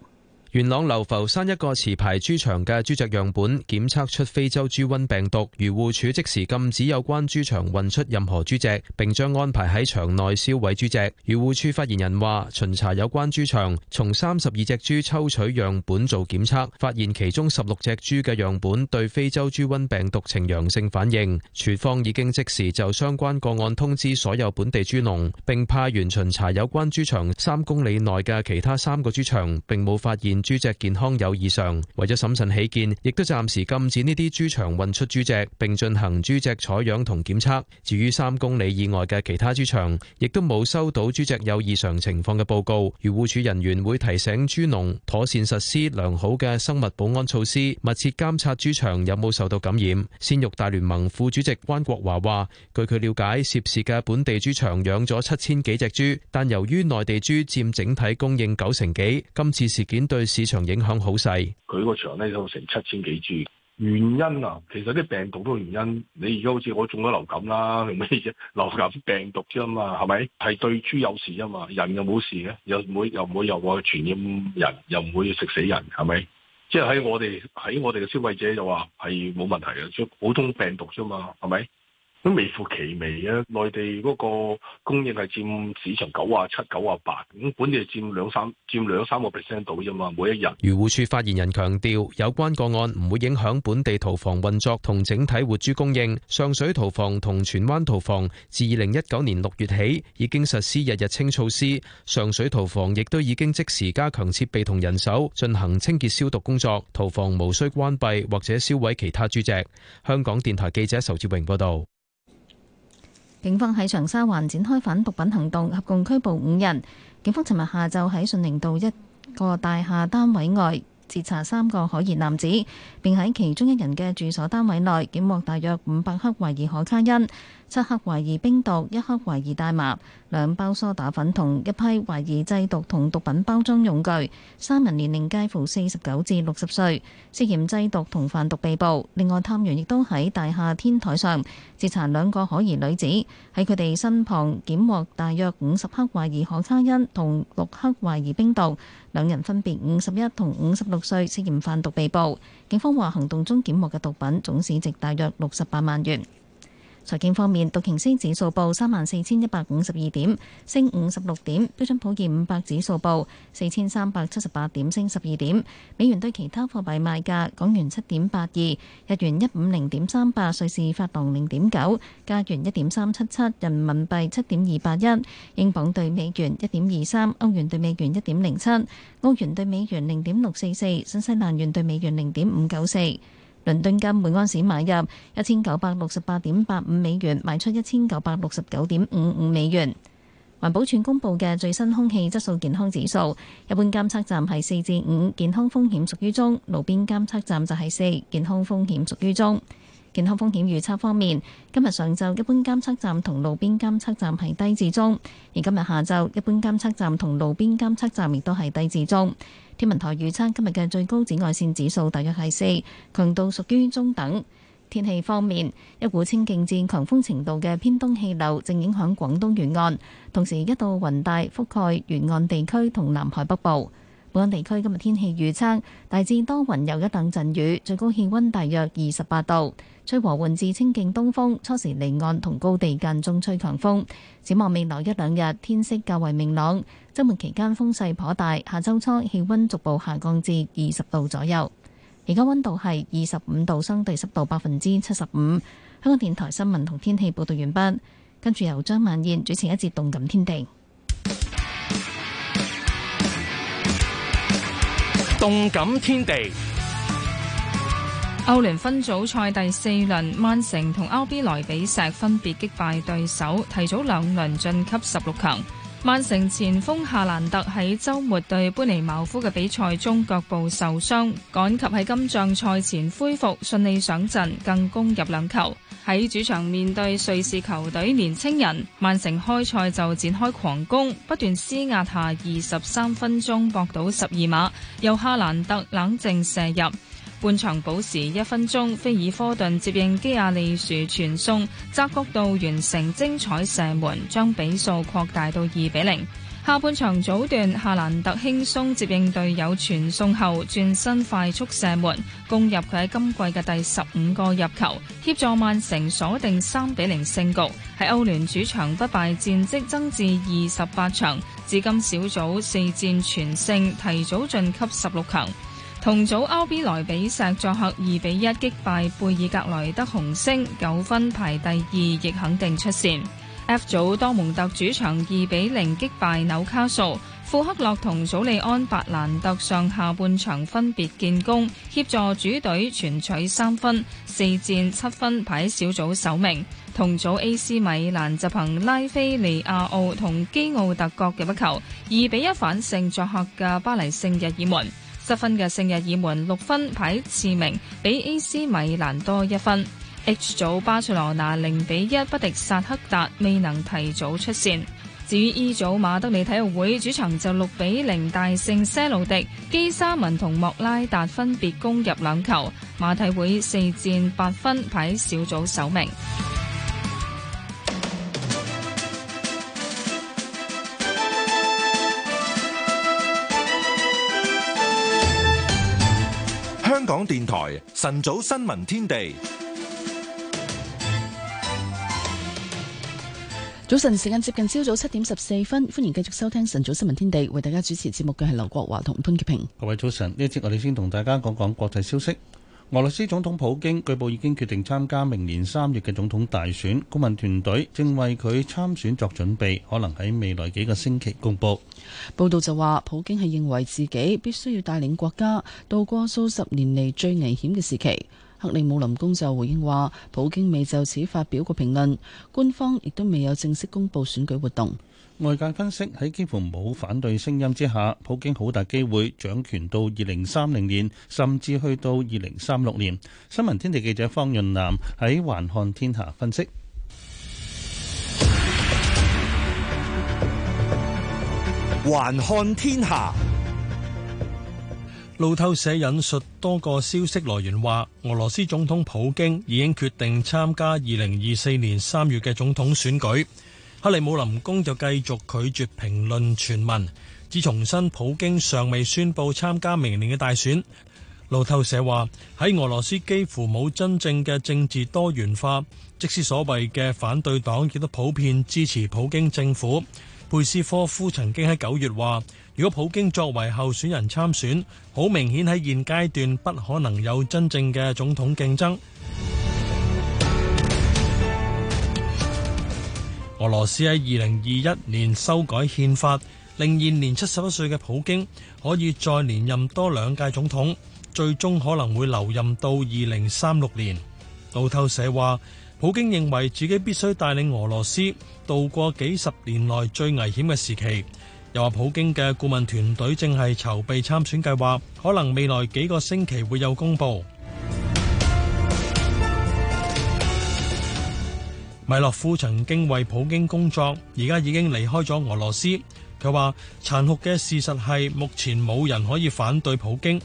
元朗流浮山一個持牌豬場嘅豬隻樣本檢測出非洲豬瘟病毒，漁護署即時禁止有關豬場運出任何豬隻，並將安排喺場內銷毀豬隻。漁護署發言人話：巡查有關豬場，從三十二隻豬抽取樣本做檢測，發現其中十六隻豬嘅樣本對非洲豬瘟病毒呈陽性反應。署方已經即時就相關個案通知所有本地豬農，並派員巡查有關豬場三公里內嘅其他三個豬場，並冇發現。豬隻健康有異常，為咗審慎起見，亦都暫時禁止呢啲豬場運出豬隻，並進行豬隻採樣同檢測。至於三公里以外嘅其他豬場，亦都冇收到豬隻有異常情況嘅報告。漁護署人員會提醒豬農妥善實施良好嘅生物保安措施，密切監察豬場有冇受到感染。鮮肉大聯盟副主席關國華話，據佢了解，涉事嘅本地豬場養咗七千幾隻豬，但由於內地豬佔整體供應九成幾，今次事件對市場影響好細，佢個場咧有成七千幾豬。原因啊，其實啲病毒都原因。你而家好似我中咗流感啦，咩嘢？流感病毒啫嘛，係咪？係對豬有事啊嘛，人又冇事嘅，又唔會又唔會又話傳染人，又唔會食死人，係咪？即係喺我哋喺我哋嘅消費者就話係冇問題嘅，即普通病毒啫嘛，係咪？都微乎其微啊！內地嗰個供應係佔市場九啊七、九啊八，咁本地係佔兩三佔兩三個 percent 到啫嘛。每一日漁護署發言人強調，有關個案唔會影響本地屠房運作同整體活豬供應。上水屠房同荃灣屠房自二零一九年六月起已經實施日日清措施，上水屠房亦都已經即時加強設備同人手進行清潔消毒工作，屠房無需關閉或者銷毀其他豬隻。香港電台記者仇志榮報導。警方喺長沙灣展開反毒品行動，合共拘捕五人。警方尋日下晝喺順寧道一個大廈單位外截查三個可疑男子，並喺其中一人嘅住所單位內檢獲大約五百克懷疑可卡因、七克懷疑冰毒、一克懷疑大麻。兩包梳打粉同一批懷疑製毒同毒品包裝用具，三人年齡介乎四十九至六十歲，涉嫌製毒同販毒被捕。另外，探員亦都喺大廈天台上截查兩個可疑女子，喺佢哋身旁檢獲大約五十克懷疑可卡因同六克懷疑冰毒，兩人分別五十一同五十六歲，涉嫌販毒被捕。警方話行動中檢獲嘅毒品總市值大約六十八萬元。財經方面，道瓊斯指數報三萬四千一百五十二點，升五十六點；標準普爾五百指數報四千三百七十八點，升十二點。美元對其他貨幣賣價：港元七點八二，日元一五零點三八，瑞士法郎零點九，加元一點三七七，人民幣七點二八一，英鎊對美元一點二三，歐元對美元一點零七，澳元對美元零點六四四，新西蘭元對美元零點五九四。倫敦金每安士買入一千九百六十八點八五美元，賣出一千九百六十九點五五美元。環保署公布嘅最新空氣質素健康指數，一般監測站係四至五，健康風險屬於中；路邊監測站就係四，健康風險屬於中。健康風險預測方面，今日上晝一般監測站同路邊監測站係低至中，而今日下晝一般監測站同路邊監測站亦都係低至中。天文台預測今日嘅最高紫外線指數大約係四，強度屬於中等。天氣方面，一股清勁至強風程度嘅偏東氣流正影響廣東沿岸，同時一道雲帶覆蓋沿岸地區同南海北部。本港地區今日天氣預測大致多雲有一等陣雨，最高氣溫大約二十八度。吹和緩至清勁東風，初時離岸同高地間中吹強風。展望未來一兩日天色較為明朗，周末期間風勢頗大。下周初氣温逐步下降至二十度左右。而家温度係二十五度，相對濕度百分之七十五。香港電台新聞同天氣報導完畢，跟住由張曼燕主持一節動感天地。動感天地。歐聯分組賽第四輪，曼城同 RB 萊比錫分別擊敗對手，提早兩輪晉級十六強。曼城前鋒夏蘭特喺周末對班尼茅夫嘅比賽中腳部受傷，趕及喺今仗賽前恢復，順利上陣，更攻入兩球。喺主場面對瑞士球隊年青人，曼城開賽就展開狂攻，不斷施壓下，二十三分鐘搏到十二碼，由夏蘭特冷靜射入。半場補時一分鐘，菲爾科頓接應基亞利樹傳送，窄角度完成精彩射門，將比數擴大到二比零。下半場早段，夏蘭特輕鬆接應隊友傳送後轉身快速射門，攻入佢喺今季嘅第十五個入球，協助曼城鎖定三比零勝局，喺歐聯主場不敗戰績增至二十八場，至今小組四戰全勝，提早晉級十六強。同組 RB 萊比錫作客二比一擊敗貝爾格萊德紅星，九分排第二，亦肯定出線。F 組多蒙特主場二比零擊敗紐卡素，富克洛同祖利安白蘭特上下半場分別建功，協助主隊全取三分，四戰七分排小組首名。同組 A.C. 米蘭就憑拉菲尼亞奧同基奧特國嘅不球，二比一反勝作客嘅巴黎聖日耳門。七分嘅聖日耳門六分排次名，比 AC 米蘭多一分。H 組巴塞羅那零比一不敵薩克達，未能提早出線。至於 E 組馬德里體育會主場就六比零大勝西魯迪，基沙文同莫拉達分別攻入兩球，馬體會四戰八分排小組首名。香港電台晨早新聞天地，早晨時間接近朝早七點十四分，歡迎繼續收聽晨早新聞天地，為大家主持節目嘅係劉國華同潘潔平。各位早晨，呢一節我哋先同大家講講國際消息。俄羅斯總統普京據報已經決定參加明年三月嘅總統大選，公民團隊正為佢參選作準備，可能喺未來幾個星期公布。報道就話，普京係認為自己必須要帶領國家度過數十年嚟最危險嘅時期。克里姆林宮就回應話，普京未就此發表過評論，官方亦都未有正式公布選舉活動。外界分析，喺幾乎冇反對聲音之下，普京好大機會掌權到二零三零年，甚至去到二零三六年。新聞天地記者方潤南喺《環看天下》分析，《環看天下》路透社引述多個消息來源話，俄羅斯總統普京已經決定參加二零二四年三月嘅總統選舉。克里姆林宮就繼續拒絕評論傳聞。自重新普京尚未宣佈參加明年嘅大選，路透社話喺俄羅斯幾乎冇真正嘅政治多元化，即使所謂嘅反對黨亦都普遍支持普京政府。佩斯科夫曾經喺九月話：如果普京作為候選人參選，好明顯喺現階段不可能有真正嘅總統競爭。俄羅斯喺二零二一年修改憲法，令現年七十一歲嘅普京可以再連任多兩屆總統，最終可能會留任到二零三六年。路透社話，普京認為自己必須帶領俄羅斯渡過幾十年來最危險嘅時期，又話普京嘅顧問團隊正係籌備參選計劃，可能未來幾個星期會有公布。米洛夫曾經為普京工作，而家已經離開咗俄羅斯。佢話：殘酷嘅事實係，目前冇人可以反對普京。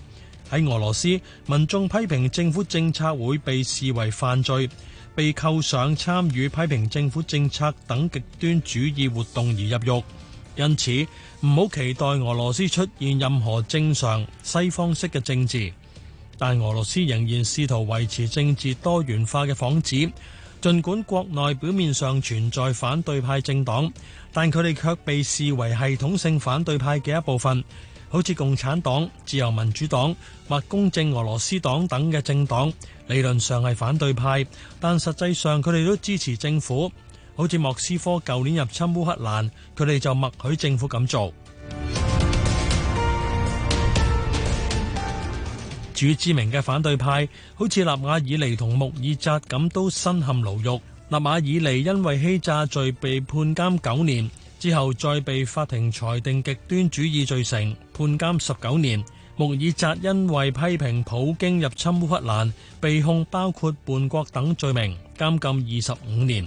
喺俄羅斯，民眾批評政府政策會被視為犯罪，被扣上參與批評政府政策等極端主義活動而入獄。因此，唔好期待俄羅斯出現任何正常西方式嘅政治。但俄羅斯仍然試圖維持政治多元化嘅幌子。儘管國內表面上存在反對派政黨，但佢哋卻被視為系統性反對派嘅一部分，好似共產黨、自由民主黨或公正俄羅斯黨等嘅政黨，理論上係反對派，但實際上佢哋都支持政府，好似莫斯科舊年入侵烏克蘭，佢哋就默許政府咁做。主知名嘅反對派，好似納瓦爾尼同穆爾扎咁，都身陷牢獄，納瓦爾尼因為欺詐罪被判監九年，之後再被法庭裁定極端主義罪成，判監十九年。穆爾扎因為批評普京入侵烏克蘭，被控包括叛國等罪名，監禁二十五年。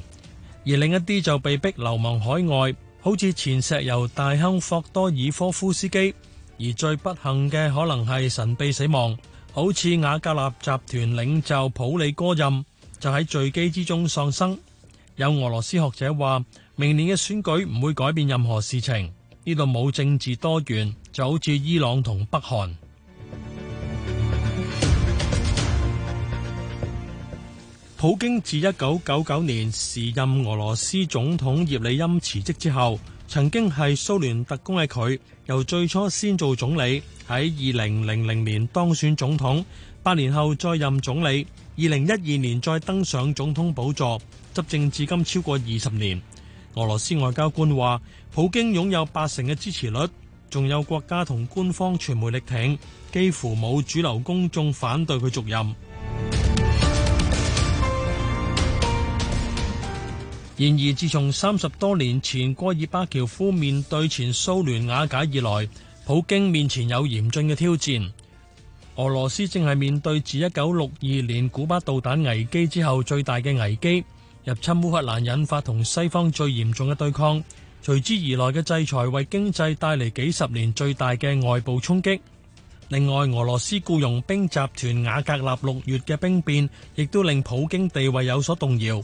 而另一啲就被逼流亡海外，好似前石油大亨霍多爾科夫斯基。而最不幸嘅可能係神秘死亡。好似瓦格納集團領袖普里戈任就喺墜機之中喪生。有俄羅斯學者話，明年嘅選舉唔會改變任何事情。呢度冇政治多元，就好似伊朗同北韓。 [music] 普京自一九九九年時任俄羅斯總統葉利欽辭職之後，曾經係蘇聯特工嘅佢，由最初先做總理，喺二零零零年當選總統，八年後再任總理，二零一二年再登上總統寶座，執政至今超過二十年。俄羅斯外交官話，普京擁有八成嘅支持率，仲有國家同官方傳媒力挺，幾乎冇主流公眾反對佢續任。然而，自從三十多年前戈爾巴喬夫面對前蘇聯瓦解以來，普京面前有嚴峻嘅挑戰。俄羅斯正係面對自一九六二年古巴導彈危機之後最大嘅危機。入侵烏克蘭引發同西方最嚴重嘅對抗，隨之而來嘅制裁為經濟帶嚟幾十年最大嘅外部衝擊。另外，俄羅斯雇傭兵集團瓦格納六月嘅兵變，亦都令普京地位有所動搖。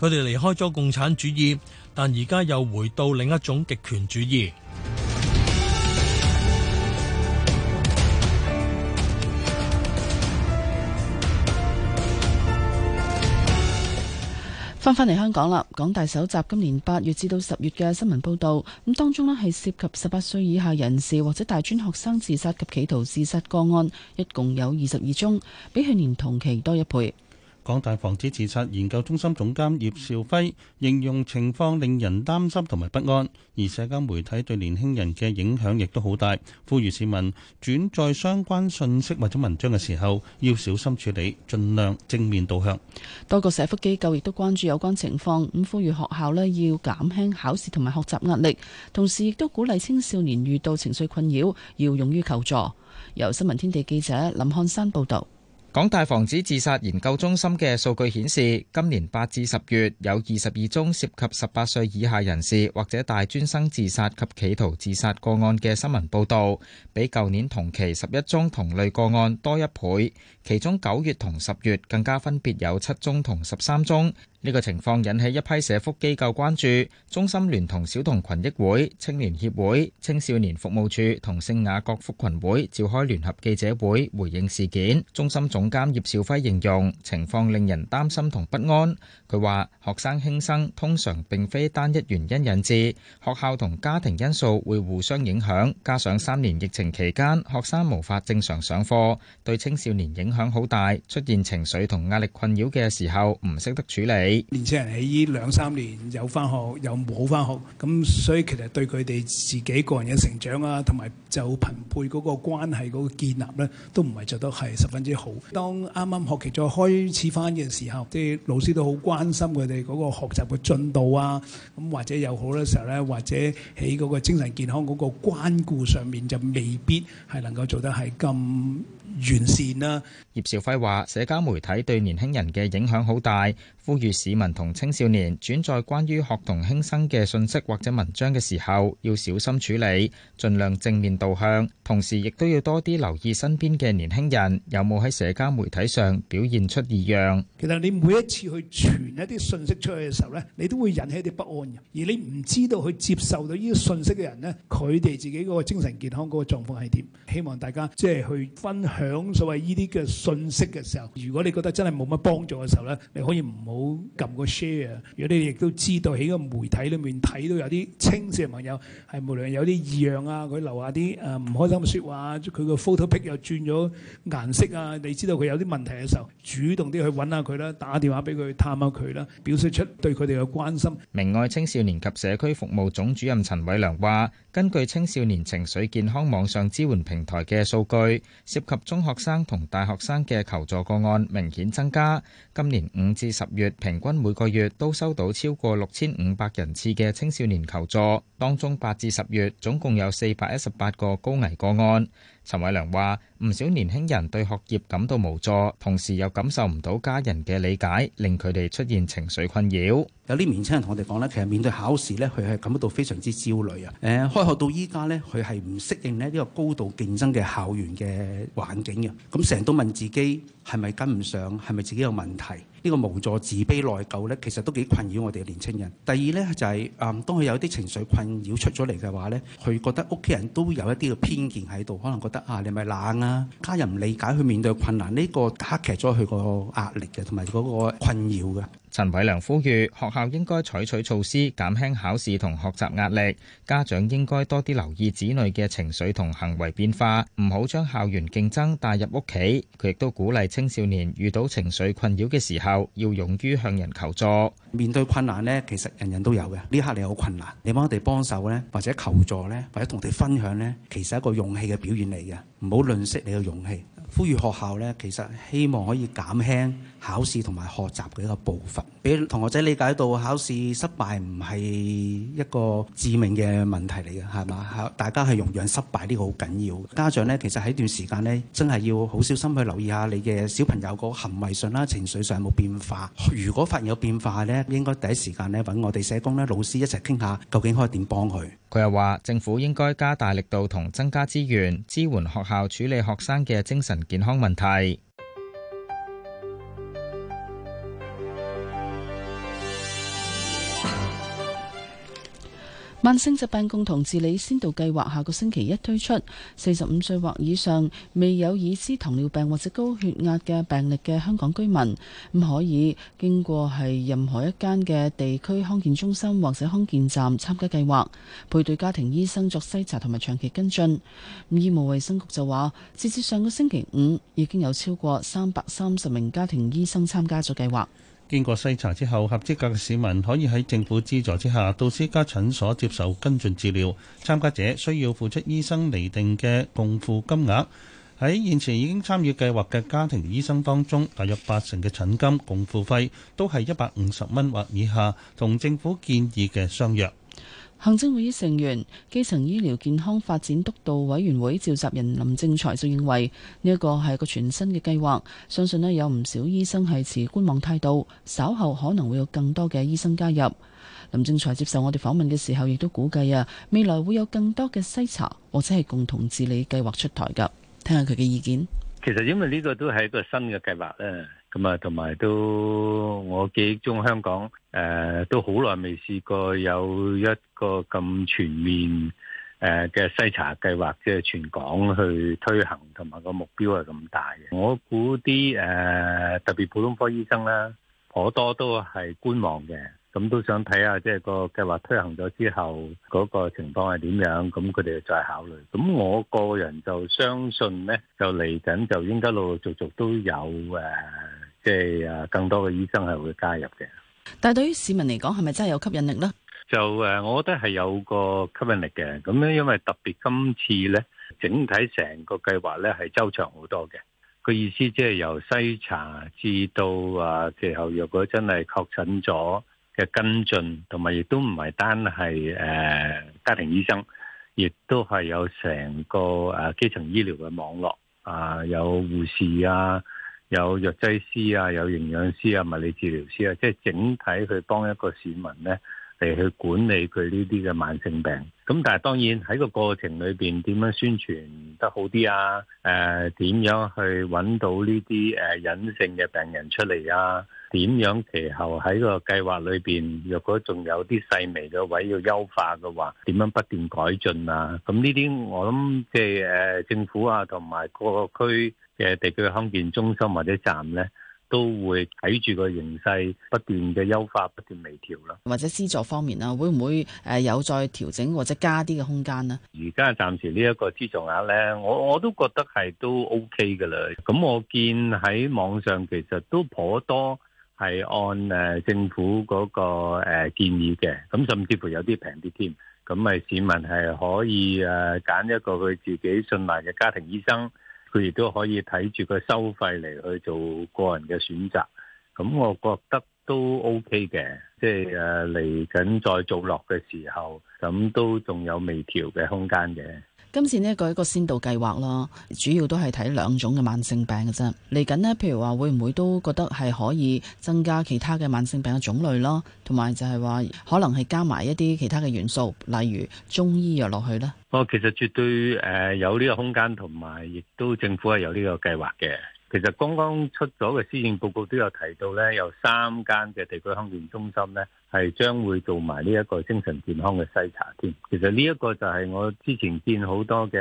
佢哋離開咗共產主義，但而家又回到另一種極權主義。翻返嚟香港啦，港大搜集今年八月至到十月嘅新聞報導，咁當中呢係涉及十八歲以下人士或者大專學生自殺及企圖自殺個案，一共有二十二宗，比去年同期多一倍。港大防止自殺研究中心總監葉兆輝形容情況令人擔心同埋不安，而社交媒體對年輕人嘅影響亦都好大，呼籲市民轉載相關信息或者文章嘅時候要小心處理，盡量正面導向。多個社福機構亦都關注有關情況，咁呼籲學校呢要減輕考試同埋學習壓力，同時亦都鼓勵青少年遇到情緒困擾要勇於求助。由新聞天地記者林漢山報導。港大防止自殺研究中心嘅數據顯示，今年八至十月有二十二宗涉及十八歲以下人士或者大專生自殺及企圖自殺個案嘅新聞報導，比舊年同期十一宗同類個案多一倍。其中九月同十月更加分別有七宗同十三宗。呢個情況引起一批社福機構關注，中心聯同小童群益會、青年協會、青少年服務處同聖雅各福群會召開聯合記者會回應事件。中心總監葉兆輝形容情況令人擔心同不安。佢話學生輕生通常並非單一原因引致，學校同家庭因素會互相影響，加上三年疫情期間學生無法正常上課，對青少年影響好大，出現情緒同壓力困擾嘅時候唔識得處理。年青人喺呢兩三年有翻學又冇翻學，咁所以其實對佢哋自己個人嘅成長啊，同埋就朋輩嗰個關係嗰個建立呢，都唔係做得係十分之好。當啱啱學期再開始翻嘅時候，啲老師都好關心佢哋嗰個學習嘅進度啊，咁或者有好多時候呢，或者喺嗰個精神健康嗰個關顧上面就未必係能夠做得係咁完善啦！葉兆輝話：社交媒體對年輕人嘅影響好大，呼籲市民同青少年轉載關於學童輕生嘅訊息或者文章嘅時候，要小心處理，盡量正面導向。同時，亦都要多啲留意身邊嘅年輕人有冇喺社交媒體上表現出異樣。其實你每一次去傳一啲訊息出去嘅時候呢，你都會引起一啲不安嘅。而你唔知道去接受到呢啲訊息嘅人呢，佢哋自己個精神健康嗰個狀況係點？希望大家即係去分享。響所謂呢啲嘅信息嘅時候，如果你覺得真係冇乜幫助嘅時候咧，你可以唔好撳個 share。如果你亦都知道喺個媒體裏面睇到有啲青少年朋友係無論有啲異樣啊，佢留下啲誒唔開心嘅説話，佢個 photo pic 又轉咗顏色啊，你知道佢有啲問題嘅時候，主動啲去揾下佢啦，打電話俾佢探下佢啦，表示出對佢哋嘅關心。明愛青少年及社區服務總主任陳偉良話，根據青少年情緒健康網上支援平台嘅數據，涉及中學生同大學生嘅求助個案明顯增加，今年五至十月，平均每個月都收到超過六千五百人次嘅青少年求助，當中八至十月，總共有四百一十八個高危個案。陳偉良話：唔少年輕人對學業感到無助，同時又感受唔到家人嘅理解，令佢哋出現情緒困擾。有啲年輕人同我哋講咧，其實面對考試咧，佢係感到非常之焦慮啊！誒，開學到依家咧，佢係唔適應咧呢個高度競爭嘅校園嘅環境啊，咁成日都問自己係咪跟唔上，係咪自己有問題？呢個無助、自卑、內疚咧，其實都幾困擾我哋嘅年輕人。第二咧就係、是，嗯，當佢有啲情緒困擾出咗嚟嘅話咧，佢覺得屋企人都有一啲嘅偏見喺度，可能覺得啊，你係咪冷啊，家人唔理解佢面對困難，呢、這個加劇咗佢個壓力嘅，同埋嗰個困擾嘅。陳偉良呼籲學校應該採取措施減輕考試同學習壓力，家長應該多啲留意子女嘅情緒同行為變化，唔好將校園競爭帶入屋企。佢亦都鼓勵青少年遇到情緒困擾嘅時候，要勇於向人求助。面對困難呢，其實人人都有嘅。呢刻你好困難，你幫我哋幫手呢，或者求助呢，或者同哋分享呢，其實係一個勇氣嘅表現嚟嘅。唔好吝嗇你嘅勇氣，呼籲學校呢，其實希望可以減輕考試同埋學習嘅一個步伐，俾同學仔理解到考試失敗唔係一個致命嘅問題嚟嘅，係嘛？大家係容讓失敗呢個好緊要。家長呢，其實喺段時間呢，真係要好小心去留意下你嘅小朋友個行為上啦、情緒上有冇變化。如果發現有變化呢，應該第一時間呢，揾我哋社工咧、老師一齊傾下，究竟可以點幫佢。佢又話：政府應該加大力度同增加資源支援學校。校處理學生嘅精神健康問題。慢性疾病共同治理先導計劃下個星期一推出，四十五歲或以上未有已知糖尿病或者高血壓嘅病歷嘅香港居民，咁可以經過係任何一間嘅地區康健中心或者康健站參加計劃，配對家庭醫生作篩查同埋長期跟進。醫務衛生局就話，截至上個星期五，已經有超過三百三十名家庭醫生參加咗計劃。經過篩查之後，合資格嘅市民可以喺政府資助之下，到私家診所接受跟進治療。參加者需要付出醫生釐定嘅共付金額。喺現前已經參與計劃嘅家庭醫生當中，大約八成嘅診金共付費都係一百五十蚊或以下，同政府建議嘅相約。行政會議成員、基層醫療健康發展督導委員會召集人林正財就認為呢一個係個全新嘅計劃，相信咧有唔少醫生係持觀望態度，稍後可能會有更多嘅醫生加入。林正財接受我哋訪問嘅時候，亦都估計啊，未來會有更多嘅篩查或者係共同治理計劃出台噶。聽下佢嘅意見。其實因為呢個都係一個新嘅計劃咧。咁啊，同埋都我記憶中香港，誒、呃，都好耐未試過有一個咁全面誒嘅、呃、篩查計劃，即、就、係、是、全港去推行，同埋個目標係咁大嘅。我估啲誒，特別普通科醫生啦，好多都係觀望嘅，咁都想睇下即係、就是、個計劃推行咗之後嗰、那個情況係點樣，咁佢哋再考慮。咁我個人就相信呢就嚟緊就應該陸陸續續都有誒。呃即係啊，更多嘅醫生係會加入嘅。但係對於市民嚟講，係咪真係有吸引力呢？就誒，我覺得係有個吸引力嘅。咁樣因為特別今次呢，整體成個計劃呢係周詳好多嘅。個意思即係由篩查至到啊，最後若果真係確診咗嘅跟進，同埋亦都唔係單係誒家庭醫生，亦都係有成個誒基層醫療嘅網絡啊，有護士啊。有藥劑師啊，有營養師啊，物理治療師啊，即係整體去幫一個市民咧嚟去管理佢呢啲嘅慢性病。咁但係當然喺個過程裏邊，點樣宣傳得好啲啊？誒、呃，點樣去揾到呢啲誒隱性嘅病人出嚟啊？點樣其後喺個計劃裏邊，若果仲有啲細微嘅位要優化嘅話，點樣不斷改進啊？咁呢啲我諗即係政府啊，同埋各個區嘅地區康健中心或者站咧，都會睇住個形勢不斷嘅優化，不斷微調啦。或者資助方面啦，會唔會誒有再調整或者加啲嘅空間咧？而家暫時呢一個資助額咧，我我都覺得係都 OK 嘅啦。咁我見喺網上其實都頗多係按誒政府嗰個誒建議嘅，咁甚至乎有啲平啲添。咁咪市民係可以誒揀一個佢自己信賴嘅家庭醫生。佢亦都可以睇住個收費嚟去做個人嘅選擇，咁我覺得都 OK 嘅，即係誒嚟緊再做落嘅時候，咁都仲有微調嘅空間嘅。今次呢一個一個先導計劃咯，主要都係睇兩種嘅慢性病嘅啫。嚟緊呢，譬如話會唔會都覺得係可以增加其他嘅慢性病嘅種類咯，同埋就係話可能係加埋一啲其他嘅元素，例如中醫藥落去呢。哦，其實絕對誒有呢個空間，同埋亦都政府係有呢個計劃嘅。其實剛剛出咗嘅施政報告都有提到咧，有三間嘅地區康健中心咧，係將會做埋呢一個精神健康嘅篩查添。其實呢一個就係我之前見好多嘅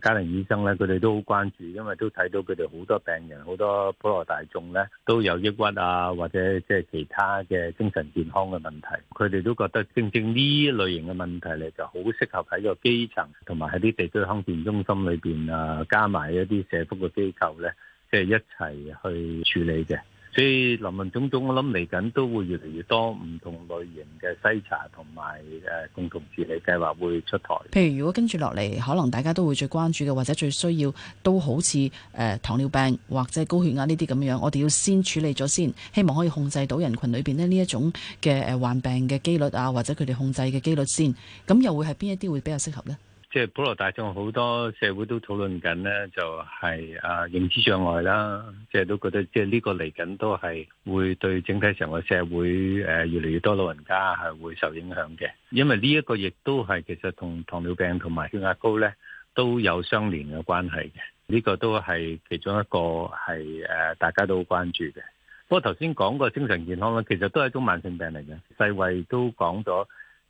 家庭醫生咧，佢哋都好關注，因為都睇到佢哋好多病人、好多普羅大眾咧都有抑鬱啊，或者即係其他嘅精神健康嘅問題。佢哋都覺得正正呢一類型嘅問題咧，就好適合喺個基層同埋喺啲地區康健中心裏邊啊，加埋一啲社福嘅機構咧。即係一齊去處理嘅，所以林林總總，我諗嚟緊都會越嚟越多唔同類型嘅篩查同埋誒公共治理計劃會出台。譬如如果跟住落嚟，可能大家都會最關注嘅或者最需要，都好似誒糖尿病或者高血壓呢啲咁樣，我哋要先處理咗先，希望可以控制到人群裏邊咧呢一種嘅患病嘅幾率啊，或者佢哋控制嘅幾率先。咁又會係邊一啲會比較適合呢？即係普羅大眾好多社會都討論緊咧，就係啊認知障礙啦，即係都覺得即係呢個嚟緊都係會對整體成個社會誒越嚟越多老人家係會受影響嘅，因為呢一個亦都係其實同糖尿病同埋血壓高咧都有相連嘅關係嘅，呢個都係其中一個係誒大家都好關注嘅。不過頭先講過精神健康咧，其實都係一種慢性病嚟嘅，世衛都講咗。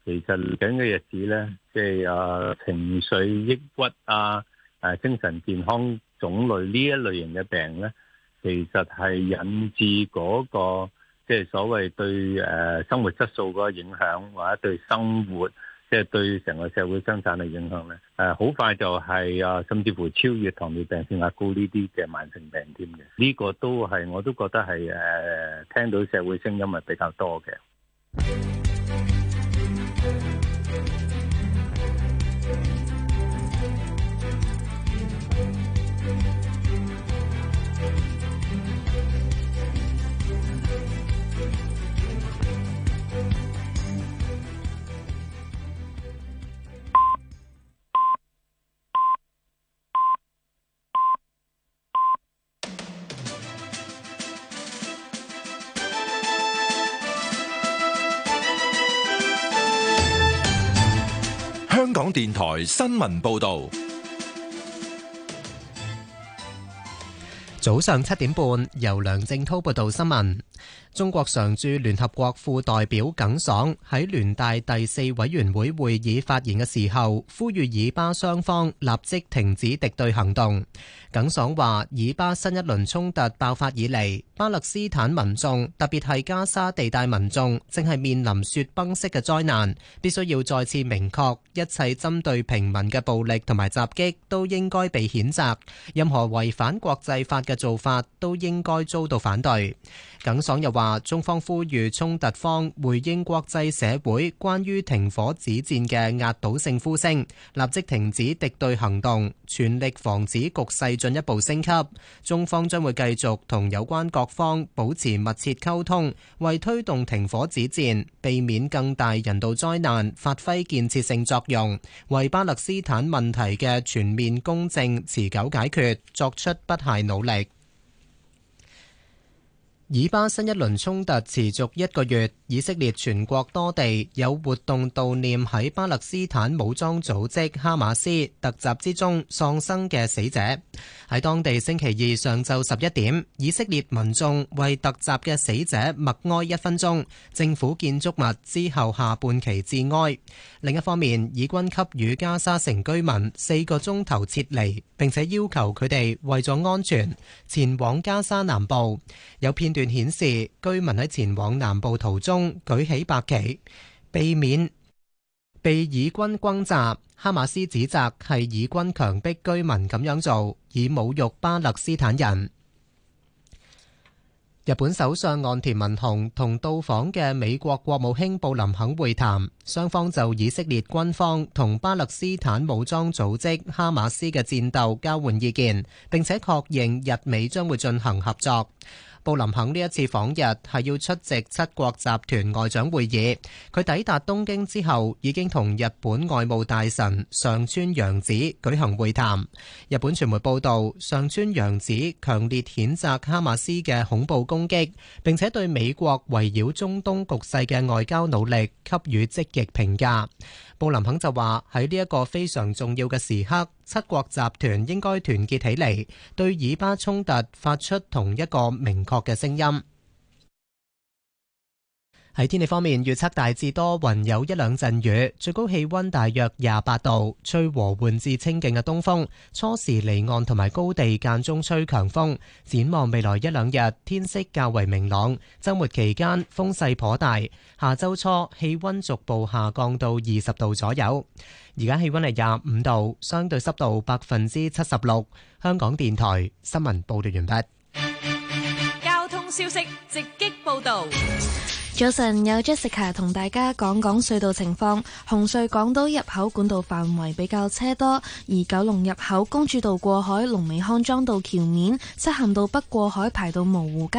其實緊嘅日子咧，即係啊情緒抑鬱啊，誒精神健康種類呢一類型嘅病咧，其實係引致嗰個即係所謂對誒生活質素嗰個影響，或者對生活即係對成個社會生產嘅影響咧，誒好快就係啊甚至乎超越糖尿病、血壓高呢啲嘅慢性病添嘅。呢個都係我都覺得係誒聽到社會聲音係比較多嘅。港電台新聞報道：早上七點半，由梁正滔報道新聞。中國常駐聯合國副代表耿爽喺聯大第四委員會會議發言嘅時候，呼籲以巴雙方立即停止敵對行動。耿爽話：以巴新一輪衝突爆發以嚟，巴勒斯坦民眾，特別係加沙地帶民眾，正係面臨雪崩式嘅災難，必須要再次明確，一切針對平民嘅暴力同埋襲擊都應該被譴責，任何違反國際法嘅做法都應該遭到反對。耿爽又話：中方呼籲衝突方回應國際社會關於停火止戰嘅壓倒性呼聲，立即停止敵對行動，全力防止局勢進一步升級，中方將會繼續同有關各方保持密切溝通，為推動停火止戰、避免更大人道災難發揮建設性作用，為巴勒斯坦問題嘅全面公正持久解決作出不懈努力。以巴新一輪衝突持續一個月。以色列全國多地有活動悼念喺巴勒斯坦武裝組織哈馬斯突襲之中喪生嘅死者。喺當地星期二上晝十一點，以色列民眾為突襲嘅死者默哀一分鐘。政府建築物之後下半旗致哀。另一方面，以軍給予加沙城居民四個鐘頭撤離，並且要求佢哋為咗安全前往加沙南部。有片段顯示居民喺前往南部途中。舉起白旗，避免被以軍轟炸。哈馬斯指責係以軍強迫居民咁樣做，以侮辱巴勒斯坦人。日本首相岸田文雄同到訪嘅美國國務卿布林肯會談，雙方就以色列軍方同巴勒斯坦武裝組織哈馬斯嘅戰鬥交換意見，並且確認日美將會進行合作。布林肯呢一次訪日係要出席七國集團外長會議，佢抵達東京之後已經同日本外務大臣上川陽子舉行會談。日本傳媒報道，上川陽子強烈譴責哈馬斯嘅恐怖攻擊，並且對美國圍繞中東局勢嘅外交努力給予積極評價。布林肯就話，喺呢一個非常重要嘅時刻，七國集團應該團結起嚟，對以巴衝突發出同一個明確嘅聲音。喺天氣方面，預測大致多雲，雲有一兩陣雨，最高氣溫大約廿八度，吹和緩至清勁嘅東風。初時離岸同埋高地間中吹強風。展望未來一兩日，天色較為明朗。週末期間風勢頗大，下週初氣溫逐步下降到二十度左右。而家氣溫係廿五度，相對濕度百分之七十六。香港電台新聞報道完畢。交通消息直擊報道。早晨，有 Jessica 同大家講講隧道情況。紅隧港島入口管道範圍比較車多，而九龍入口公主道過海、龍尾康莊道橋面、漆咸道北過海排到蕪湖街；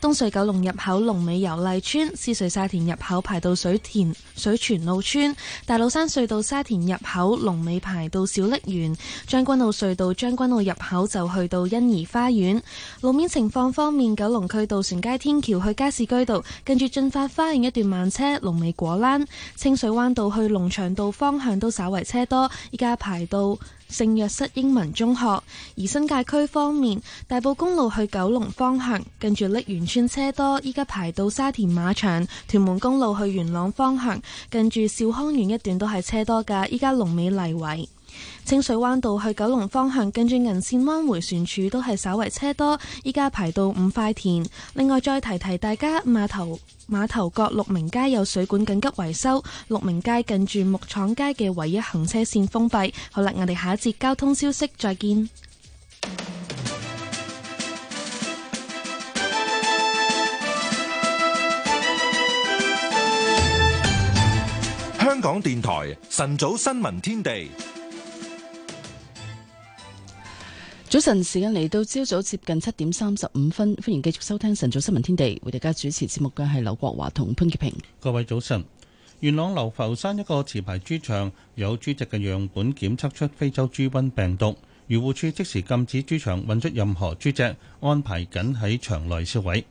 東隧九龍入口龍尾油麗邨，獅隧沙田入口排到水田水泉路村；大老山隧道沙田入口龍尾排到小瀝源；將軍澳隧道將軍澳入口就去到欣宜花園。路面情況方面，九龍區渡船街天橋去加士居道，跟住進。沙花現一段慢車，龍尾果欄，清水灣道去龍翔道方向都稍為車多，依家排到聖若瑟英文中學。而新界區方面，大埔公路去九龍方向，近住瀝源村車多，依家排到沙田馬場。屯門公路去元朗方向，近住兆康苑一段都係車多噶，依家龍尾泥圍。清水灣道去九龍方向，近住銀線灣回旋處都係稍為車多，依家排到五塊田。另外再提提大家，馬頭馬頭角鹿鳴街有水管緊急維修，鹿鳴街近住木廠街嘅唯一行車線封閉。好啦，我哋下一節交通消息再見。香港電台晨早新聞天地。早晨，時間嚟到朝早接近七點三十五分，歡迎繼續收聽晨早新聞天地。為大家主持節目嘅係劉國華同潘潔平。各位早晨，元朗流浮山一個持牌豬場有豬隻嘅樣本檢測出非洲豬瘟病毒，漁護處即時禁止豬場運出任何豬隻，安排緊喺場內銷毀。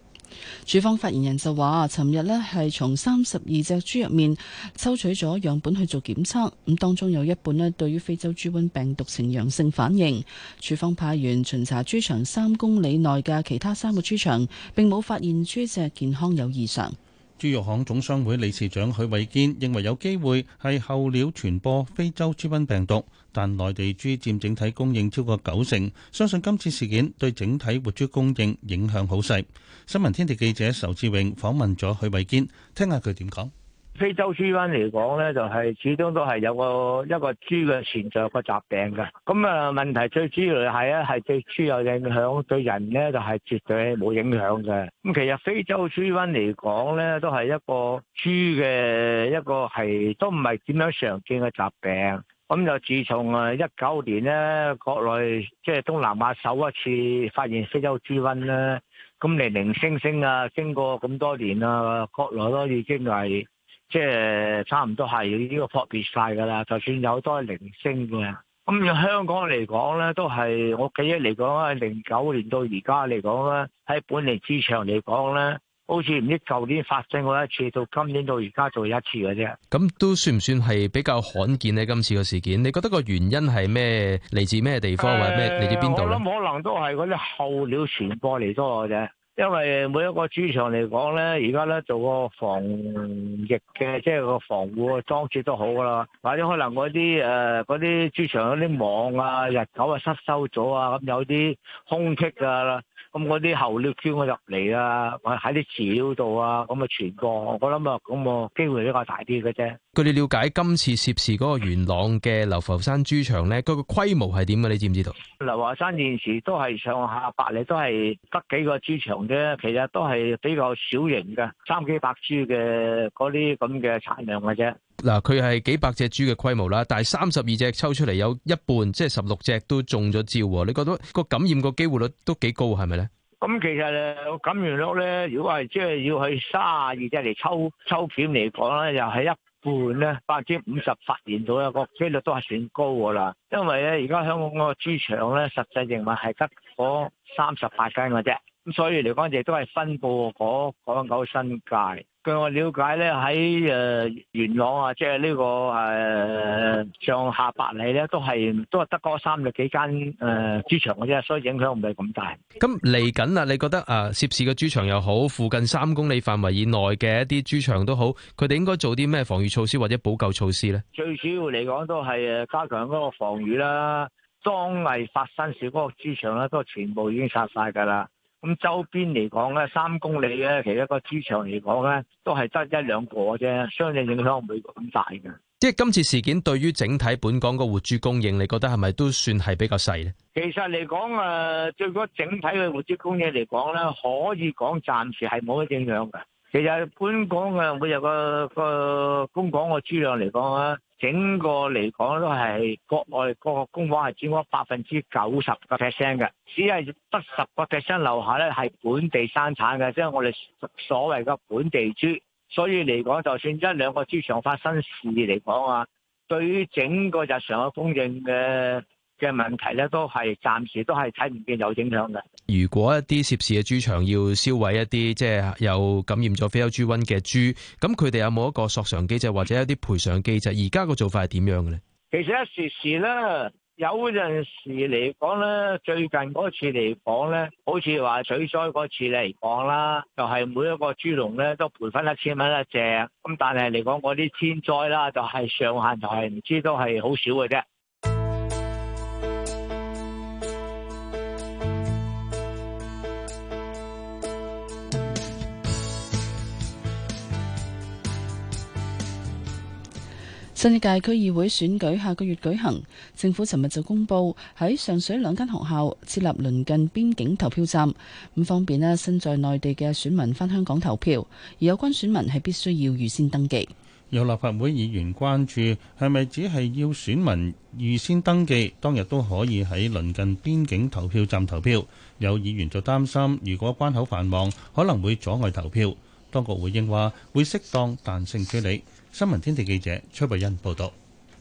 署方發言人就話，尋日呢係從三十二隻豬入面抽取咗樣本去做檢測，咁當中有一半呢對於非洲豬瘟病毒呈陽性反應。署方派員巡查豬場三公里內嘅其他三個豬場，並冇發現豬隻健康有異常。豬肉行總商會理事長許偉堅認為有機會係候鳥傳播非洲豬瘟病毒，但內地豬佔整體供應超過九成，相信今次事件對整體活豬供應影響好細。新聞天地記者仇志榮訪問咗許偉堅，聽下佢點講。非洲豬瘟嚟講咧，就係始終都係有個一個豬嘅潛在個疾病嘅。咁啊問題最主要係咧，係對豬有影響，對人咧就係絕對係冇影響嘅。咁其實非洲豬瘟嚟講咧，都係一個豬嘅一個係都唔係點樣常見嘅疾病。咁就自從啊一九年咧國內即係東南亞首一次發現非洲豬瘟咧，咁零零星星啊，經過咁多年啊，國內都已經係。已經已經即係差唔多係呢個撲滅晒噶啦，就算有都係零星嘅。咁香港嚟講咧，都係我記憶嚟講，喺零九年到而家嚟講咧，喺、mm hmm. 本地市場嚟講咧，好似唔知舊年發生過一次，到今年到而家做一次嘅啫。咁都算唔算係比較罕見咧？今次個事件，你、嗯、覺得個原因係咩嚟自咩地方，或者咩嚟自邊度？我諗可能都係嗰啲候鳥傳播嚟多嘅啫。因為每一個豬場嚟講咧，而家咧做個防疫嘅，即係個防護裝置都好噶啦，或者可能嗰啲誒嗰啲豬場嗰啲網啊，日久啊失修咗啊，咁有啲空隙噶啦。咁嗰啲候鳥捐我入嚟啊，或喺啲飼料度啊，咁啊傳播，我諗啊咁啊機會比較大啲嘅啫。據你了解，今次涉事嗰個元朗嘅流浮山豬場咧，佢個規模係點嘅？你知唔知道？流浮山現時都係上下百，你都係得幾個豬場啫，其實都係比較小型嘅，三幾百豬嘅嗰啲咁嘅產量嘅啫。嗱，佢係幾百隻豬嘅規模啦，但係三十二隻抽出嚟有一半，即係十六隻都中咗招喎。你覺得個感染個機會率都幾高，係咪咧？咁其實個感染率咧，如果係即係要去卅二隻嚟抽抽檢嚟講咧，又係一半咧，百分之五十發現到有個幾率都係算高噶啦。因為咧，而家香港嗰個豬場咧，實際認為係得嗰三十八間嘅啫，咁所以嚟講亦都係分布嗰嗰九新界。據我了解咧，喺誒元朗啊，即係呢、這個誒、呃、上下白泥咧，都係都係得嗰三、十幾間誒、呃、豬場嘅啫，所以影響唔係咁大。咁嚟緊啊，你覺得誒、啊、涉事嘅豬場又好，附近三公里範圍以內嘅一啲豬場都好，佢哋應該做啲咩防禦措施或者補救措施咧？最主要嚟講都係誒加強嗰個防禦啦，當係發生時嗰個豬場咧都係全部已經殺晒㗎啦。咁周邊嚟講咧，三公里咧，其實一個豬場嚟講咧，都係得一兩個啫，相應影響唔會咁大嘅。即係今次事件對於整體本港個活豬供應，你覺得係咪都算係比較細咧？其實嚟講啊，對、呃、嗰整體嘅活豬供應嚟講咧，可以講暫時係冇乜影響嘅。其實本港嘅每日個個供港嘅豬量嚟講啊，整個嚟講都係國內各個供港係佔咗百分之九十個 percent 嘅，只係得十個 percent 留下咧係本地生產嘅，即係我哋所謂嘅本地豬。所以嚟講，就算一兩個豬場發生事嚟講啊，對於整個日常嘅供應嘅。嘅問題咧，都係暫時都係睇唔見有影響嘅。如果一啲涉事嘅豬場要燒毀一啲，即係有感染咗非洲豬瘟嘅豬，咁佢哋有冇一個索償機制，或者一啲賠償機制？而家個做法係點樣嘅咧？其實一時時咧，有陣時嚟講咧，最近嗰次嚟講咧，好似話水災嗰次嚟講啦，就係每一個豬籠咧都賠返一千蚊一隻。咁但係嚟講嗰啲天災啦，就係上限就係唔知都係好少嘅啫。新一屆區議會選舉下個月舉行，政府尋日就公布喺上水兩間學校設立鄰近邊境投票站，唔方便咧身在內地嘅選民返香港投票。而有關選民係必須要預先登記。有立法會議員關注係咪只係要選民預先登記，當日都可以喺鄰近邊境投票站投票？有議員就擔心，如果關口繁忙，可能會阻礙投票。當局回應話會適當彈性處理。新聞天地記者崔慧欣報道：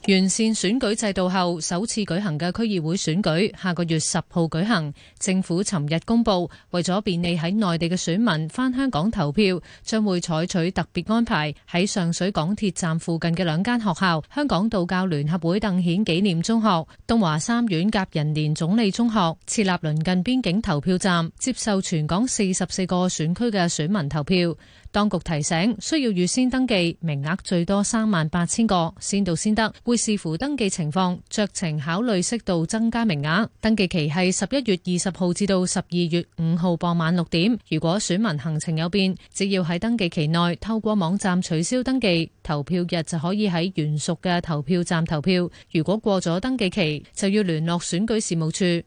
完善選舉制度後首次舉行嘅區議會選舉，下個月十號舉行。政府尋日公布，為咗便利喺內地嘅選民返香港投票，將會採取特別安排，喺上水港鐵站附近嘅兩間學校——香港道教聯合會鄧顯紀念中學、東華三院甲寅年總理中學，設立鄰近邊境投票站，接受全港四十四個選區嘅選民投票。當局提醒，需要預先登記，名額最多三萬八千個，先到先得，會視乎登記情況，酌情考慮適度增加名額。登記期係十一月二十號至到十二月五號傍晚六點。如果選民行程有變，只要喺登記期內透過網站取消登記，投票日就可以喺原屬嘅投票站投票。如果過咗登記期，就要聯絡選舉事務處。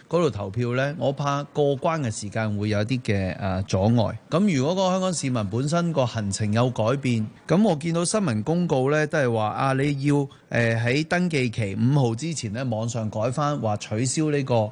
嗰度投票呢，我怕過關嘅時間會有啲嘅誒阻礙，咁如果個香港市民本身個行程有改變，咁我見到新聞公告呢，都係話啊，你要誒喺登記期五號之前呢，網上改翻話取消呢個誒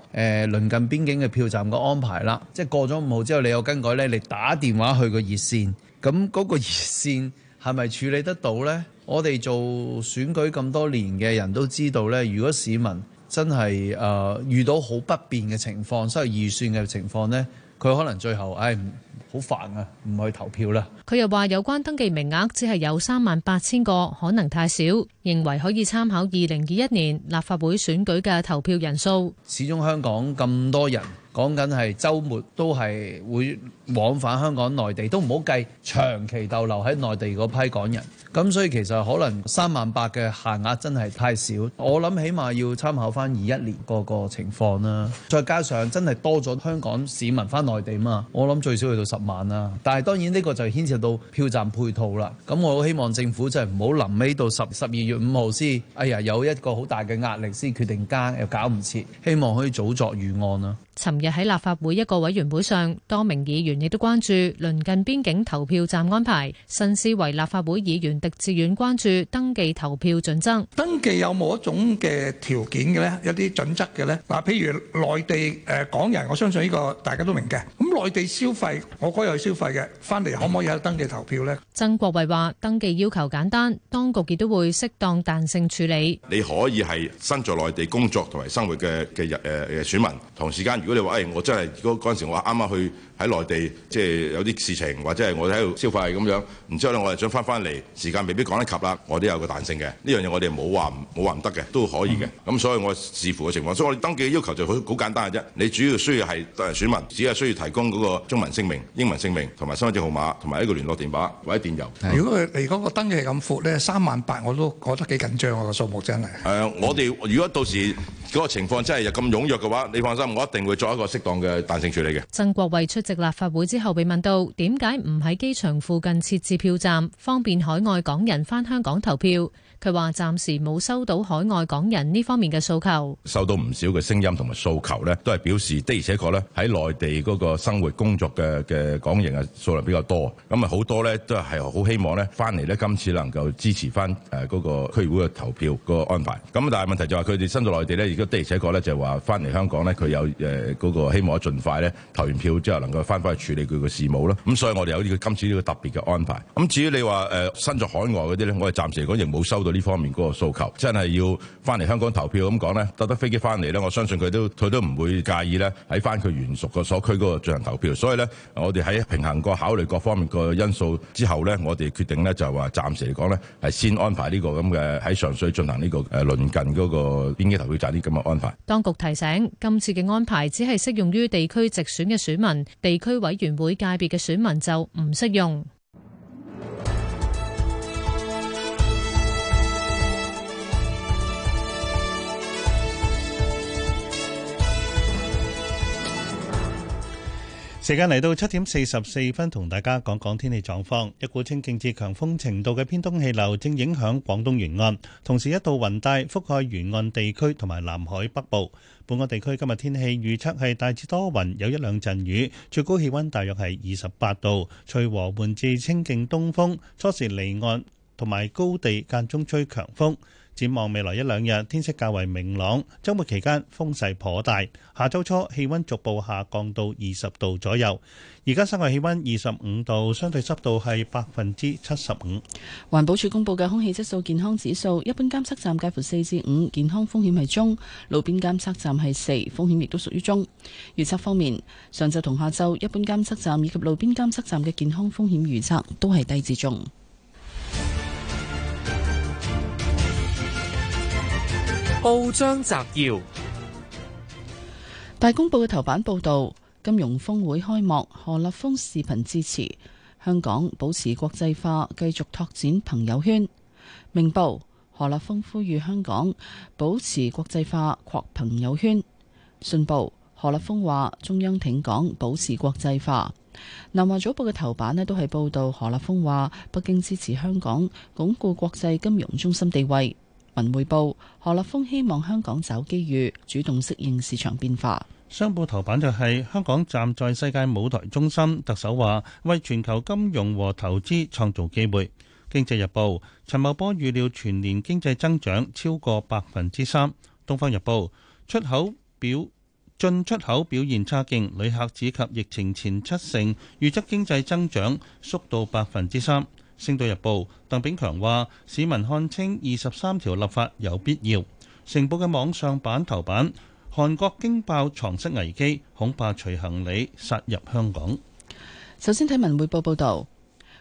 鄰近邊境嘅票站嘅安排啦。即係過咗五號之後，你有更改呢，你打電話去個熱線，咁嗰個熱線係咪處理得到呢？我哋做選舉咁多年嘅人都知道呢，如果市民，真係誒遇到好不便嘅情況，收入預算嘅情況呢，佢可能最後誒唔好煩啊，唔去投票啦。佢又話有關登記名額只係有三萬八千個，可能太少，認為可以參考二零二一年立法會選舉嘅投票人數。始終香港咁多人，講緊係週末都係會往返香港內地，都唔好計長期逗留喺內地嗰批港人。咁所以其實可能三萬八嘅限額真係太少，我諗起碼要參考返二一年嗰個情況啦。再加上真係多咗香港市民返內地嘛，我諗最少去到十萬啦。但係當然呢個就牽涉到票站配套啦。咁我好希望政府就係唔好臨尾到十十二月五號先，哎呀有一個好大嘅壓力先決定加，又搞唔切。希望可以早作預案啦。尋日喺立法會一個委員會上，多名議員亦都關注鄰近邊境投票站安排。新思維立法會議員狄志遠關注登記投票準則。登記有冇一種嘅條件嘅呢？一啲準則嘅呢？嗱，譬如內地誒港人，我相信呢個大家都明嘅。咁內地消費，我可以去消費嘅，翻嚟可唔可以有登記投票呢？嗯、曾國衛話：登記要求簡單，當局亦都會適當彈性處理。你可以係身在內地工作同埋生活嘅嘅人誒嘅選民，同時間。如果你話，誒、哎，我真係，如果嗰陣時我啱啱去。喺內地即係有啲事情，或者係我哋喺度消費咁樣，然之後咧我哋想翻翻嚟，時間未必趕得及啦。我都有個彈性嘅，呢樣嘢我哋冇話冇話唔得嘅，都可以嘅。咁、嗯嗯、所以我視乎個情況，所以我哋登記嘅要求就好好簡單嘅啫。你主要需要係選民，只係需要提供嗰個中文姓名、英文姓名同埋身份證號碼同埋一個聯絡電話或者電郵。的嗯、如果佢嚟嗰個登記係咁闊咧，三萬八我都覺得幾緊張我個數目真係。誒、嗯呃，我哋如果到時嗰個情況真係咁踴躍嘅話，你放心，我一定會作一個適當嘅彈性處理嘅。曾國衞出。直立法會之後被問到點解唔喺機場附近設置票站，方便海外港人翻香港投票？佢話暫時冇收到海外港人呢方面嘅訴求。收到唔少嘅聲音同埋訴求呢都係表示的而且確咧喺內地嗰個生活工作嘅嘅港人啊數量比較多，咁啊好多呢都係好希望呢翻嚟呢今次能夠支持翻誒嗰個區議會嘅投票個安排。咁但係問題就係佢哋身在內地咧，如果的而且確咧就係話翻嚟香港呢，佢有誒嗰個希望咧盡快呢投完票之後能夠。翻返去處理佢個事務咯，咁所以我哋有呢個今次呢個特別嘅安排。咁至於你話誒身在海外嗰啲咧，我哋暫時嚟講亦冇收到呢方面嗰個訴求，真係要翻嚟香港投票咁講咧，搭得飛機翻嚟咧，我相信佢都佢都唔會介意咧，喺翻佢原屬個所區嗰個進行投票。所以咧，我哋喺平衡個考慮各方面個因素之後咧，我哋決定咧就話暫時嚟講咧係先安排呢個咁嘅喺上水進行呢個誒鄰近嗰個邊境投票站啲咁嘅安排。當局提醒，今次嘅安排只係適用於地區直選嘅選民。地區委員會界別嘅選民就唔適用。時間嚟到七點四十四分，同大家講講天氣狀況。一股清勁至強風程度嘅偏東氣流正影響廣東沿岸，同時一道雲帶覆蓋沿岸地區同埋南海北部。本個地區今日天氣預測係大致多雲，有一兩陣雨，最高氣温大約係二十八度，吹和緩至清勁東風，初時離岸同埋高地間中吹強風。展望未來一兩日天色較為明朗，周末期間風勢頗大。下周初氣温逐步下降到二十度左右。而家室外氣温二十五度，相對濕度係百分之七十五。環保署公布嘅空氣質素健康指數，一般監測站介乎四至五，健康風險係中；路邊監測站係四，風險亦都屬於中。預測方面，上晝同下晝一般監測站以及路邊監測站嘅健康風險預測都係低至中。報章摘要：大公報嘅頭版報道，金融峰會開幕，何立峰視頻支持香港保持國際化，繼續拓展朋友圈。明報何立峰呼籲香港保持國際化，擴朋友圈。信報何立峰話，中央挺港，保持國際化。南華早報嘅頭版咧都係報道何立峰話，北京支持香港鞏固國際金融中心地位。文匯報，何立峰希望香港找機遇，主動適應市場變化。商報頭版就係、是、香港站在世界舞台中心，特首話為全球金融和投資創造機會。經濟日報陳茂波預料全年經濟增長超過百分之三。東方日報出口表進出口表現差勁，旅客只及疫情前七成，預測經濟增長縮到百分之三。星島日報鄧炳強話：市民看清二十三條立法有必要。《成報》嘅網上版頭版，韓國驚爆床蝨危機，恐怕隨行李殺入香港。首先睇《文匯報》報道，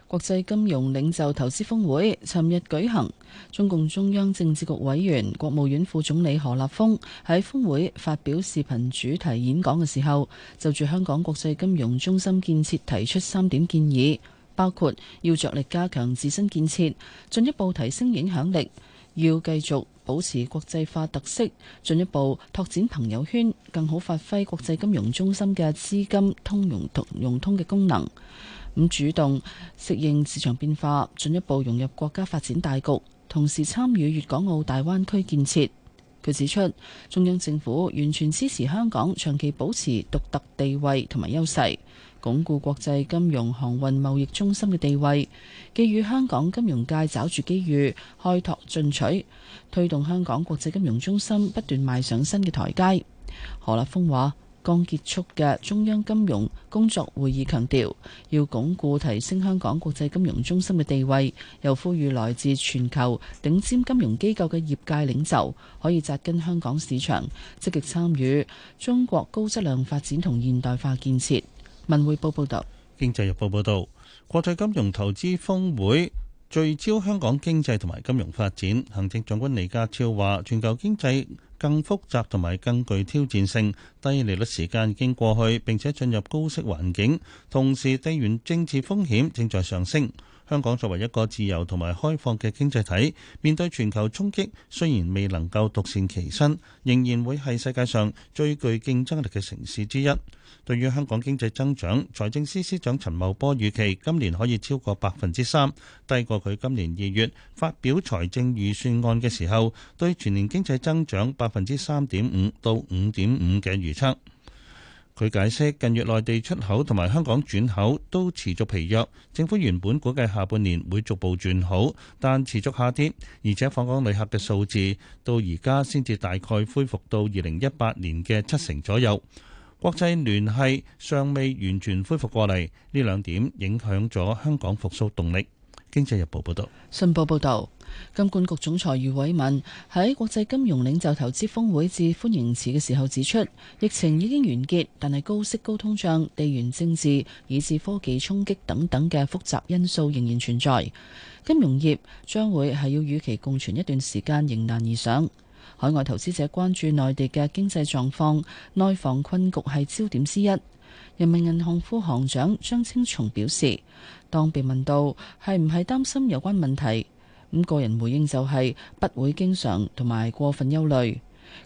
國際金融領袖投資峰會尋日舉行，中共中央政治局委員、國務院副總理何立峰喺峰會發表視頻主題演講嘅時候，就住香港國際金融中心建設提出三點建議。包括要着力加強自身建設，進一步提升影響力；要繼續保持國際化特色，進一步拓展朋友圈，更好發揮國際金融中心嘅資金通融同融通嘅功能。咁主動適應市場變化，進一步融入國家發展大局，同時參與粵港澳大灣區建設。佢指出，中央政府完全支持香港長期保持獨特地位同埋優勢鞏固國際金融航運貿易中心嘅地位，寄予香港金融界抓住機遇，開拓進取，推動香港國際金融中心不斷邁上新嘅台階。何立峰話，剛結束嘅中央金融工作會議強調，要鞏固提升香港國際金融中心嘅地位，又呼籲來自全球頂尖金融機構嘅業界領袖可以扎根香港市場，積極參與中國高質量發展同現代化建設。文匯報報道，經濟日報報道，國際金融投資峰會聚焦香港經濟同埋金融發展。行政長官李家超話，全球經濟更複雜同埋更具挑戰性，低利率時間已經過去，並且進入高息環境，同時地緣政治風險正在上升。香港作為一個自由同埋開放嘅經濟體，面對全球衝擊，雖然未能夠獨善其身，仍然會係世界上最具競爭力嘅城市之一。對於香港經濟增長，財政司司長陳茂波預期今年可以超過百分之三，低過佢今年二月發表財政預算案嘅時候對全年經濟增長百分之三點五到五點五嘅預測。佢解釋：近月內地出口同埋香港轉口都持續疲弱，政府原本估計下半年會逐步轉好，但持續下跌，而且訪港旅客嘅數字到而家先至大概恢復到二零一八年嘅七成左右，國際聯繫尚未完全恢復過嚟，呢兩點影響咗香港復甦動力。經濟日報報道，信報報道，金管局總裁余偉文喺國際金融領袖投資峰會致歡迎詞嘅時候指出，疫情已經完結，但係高息、高通脹、地緣政治以至科技衝擊等等嘅複雜因素仍然存在，金融業將會係要與其共存一段時間，迎難而上。海外投資者關注內地嘅經濟狀況，內房困局係焦點之一。人民銀行副行長張青松表示，當被問到係唔係擔心有關問題，咁個人回應就係不會經常同埋過分憂慮。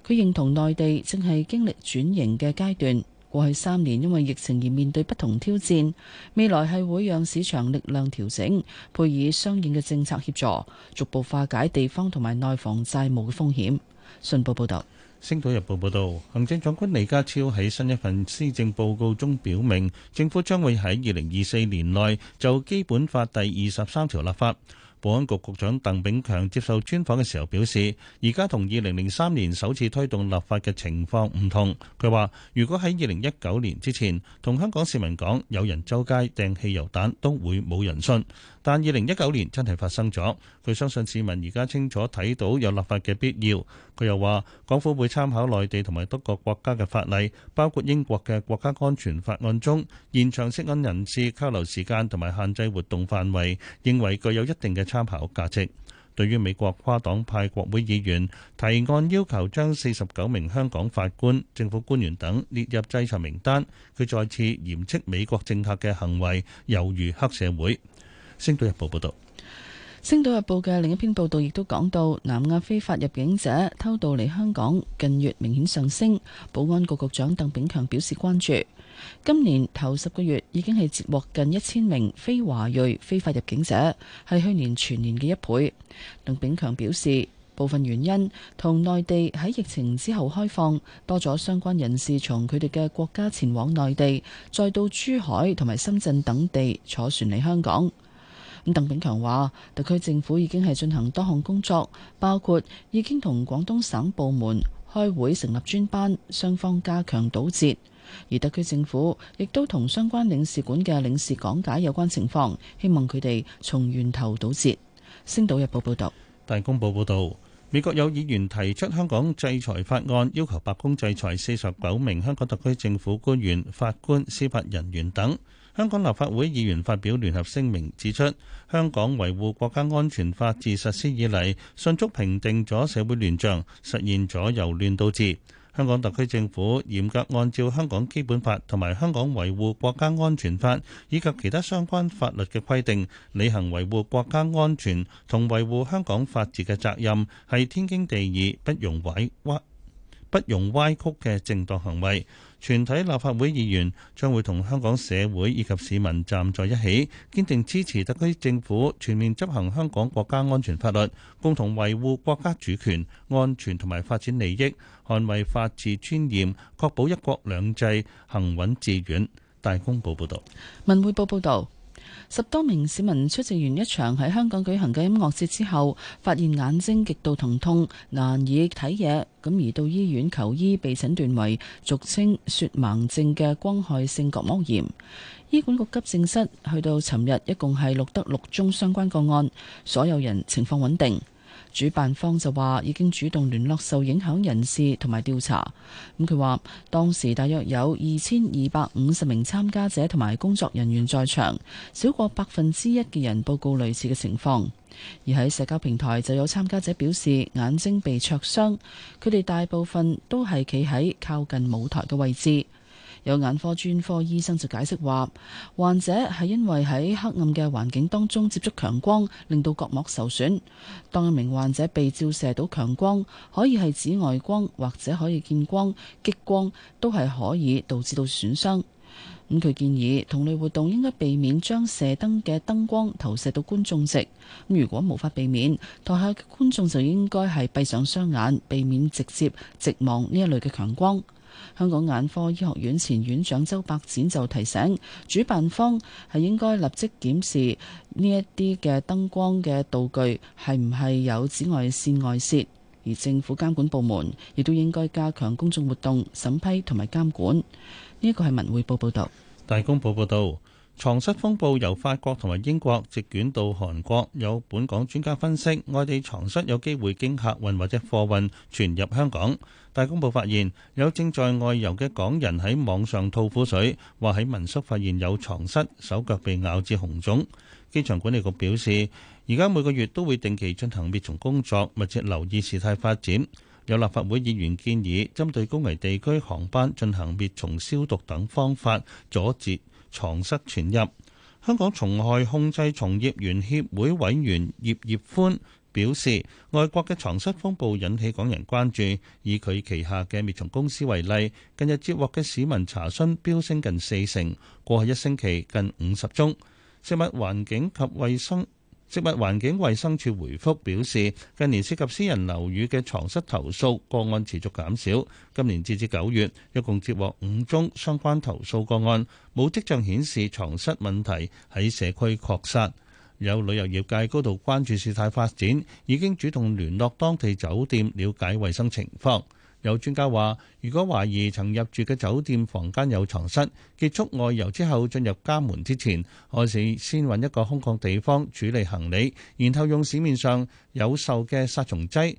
佢認同內地正係經歷轉型嘅階段，過去三年因為疫情而面對不同挑戰，未來係會讓市場力量調整，配以相應嘅政策協助，逐步化解地方同埋內房債務嘅風險。信報報道。《星島日報》報導，行政長官李家超喺新一份施政報告中表明，政府將會喺二零二四年內就《基本法》第二十三條立法。保安局局長鄧炳強接受專訪嘅時候表示，而家同二零零三年首次推動立法嘅情況唔同。佢話：如果喺二零一九年之前同香港市民講有人周街掟汽油彈，都會冇人信。但二零一九年真係發生咗，佢相信市民而家清楚睇到有立法嘅必要。佢又話港府會參考內地同埋多個國家嘅法例，包括英國嘅國家安全法案中延長涉案人士扣留時間同埋限制活動範圍，認為具有一定嘅參考價值。對於美國跨黨派國會議員提案要求將四十九名香港法官、政府官員等列入制裁名單，佢再次嚴斥美國政客嘅行為猶如黑社會。星島日報報道，星島日報嘅另一篇報道亦都講到，南亞非法入境者偷渡嚟香港，近月明顯上升。保安局局長鄧炳強表示關注，今年頭十個月已經係截獲近一千名非華裔非法入境者，係去年全年嘅一倍。鄧炳強表示，部分原因同內地喺疫情之後開放，多咗相關人士從佢哋嘅國家前往內地，再到珠海同埋深圳等地坐船嚟香港。咁鄧炳強話，特區政府已經係進行多項工作，包括已經同廣東省部門開會成立專班，雙方加強堵截；而特區政府亦都同相關領事館嘅領事講解有關情況，希望佢哋從源頭堵截。星島日報報道，大公報報道，美國有議員提出香港制裁法案，要求白宮制裁四十九名香港特區政府官員、法官、司法人員等。香港立法會議員發表聯合聲明，指出香港維護國家安全法自實施以嚟，迅速平定咗社會亂象，實現咗由亂到治。香港特區政府嚴格按照香港基本法同埋香港維護國家安全法以及其他相關法律嘅規定，履行維護國家安全同維護香港法治嘅責任，係天經地義，不容歪屈，不容歪曲嘅正當行為。全體立法會議員將會同香港社會以及市民站在一起，堅定支持特區政府全面執行香港國家安全法律，共同維護國家主權、安全同埋發展利益，捍衛法治尊嚴，確保一國兩制行穩致遠。大公報報道。文匯報報導。十多名市民出席完一場喺香港舉行嘅音樂節之後，發現眼睛極度疼痛，難以睇嘢，咁而到醫院求醫，被診斷為俗稱雪盲症嘅光害性角膜炎。醫管局急症室去到尋日，一共係錄得六宗相關個案，所有人情況穩定。主辦方就話已經主動聯絡受影響人士同埋調查。咁佢話當時大約有二千二百五十名參加者同埋工作人員在場，少過百分之一嘅人報告類似嘅情況。而喺社交平台就有參加者表示眼睛被灼傷，佢哋大部分都係企喺靠近舞台嘅位置。有眼科專科醫生就解釋話，患者係因為喺黑暗嘅環境當中接觸強光，令到角膜受損。當一名患者被照射到強光，可以係紫外光或者可以見光，激光，都係可以導致到損傷。咁佢建議同類活動應該避免將射燈嘅燈光投射到觀眾席。如果無法避免，台下嘅觀眾就應該係閉上雙眼，避免直接直望呢一類嘅強光。香港眼科醫學院前院長周伯展就提醒，主辦方係應該立即檢視呢一啲嘅燈光嘅道具係唔係有紫外線外洩，而政府監管部門亦都應該加強公眾活動審批同埋監管。呢一個係文匯報報道，大公報報道。床蝨風暴由法國同埋英國席捲到韓國，有本港專家分析，外地床蝨有機會經客運或者貨運傳入香港。大公報發現有正在外遊嘅港人喺網上吐苦水，話喺民宿發現有床蝨，手腳被咬至紅腫。機場管理局表示，而家每個月都會定期進行滅蟲工作，密切留意事態發展。有立法會議員建議，針對高危地區航班進行滅蟲、消毒等方法，阻截床蝨傳入，香港蟲害控制從業員協會委員葉葉歡表示，外國嘅床蝨風暴引起港人關注。以佢旗下嘅滅蟲公司為例，近日接獲嘅市民查詢飆升近四成，過去一星期近五十宗。食物環境及衛生食物環境衛生署回覆表示，近年涉及私人樓宇嘅床蝨投訴個案持續減少，今年截至九月，一共接獲五宗相關投訴個案，冇跡象顯示床蝨問題喺社區擴散。有旅遊業界高度關注事態發展，已經主動聯絡當地酒店了解衛生情況。有專家話，如果懷疑曾入住嘅酒店房間有床蝨，結束外遊之後進入家門之前，我先先揾一個空曠地方處理行李，然後用市面上有售嘅殺蟲劑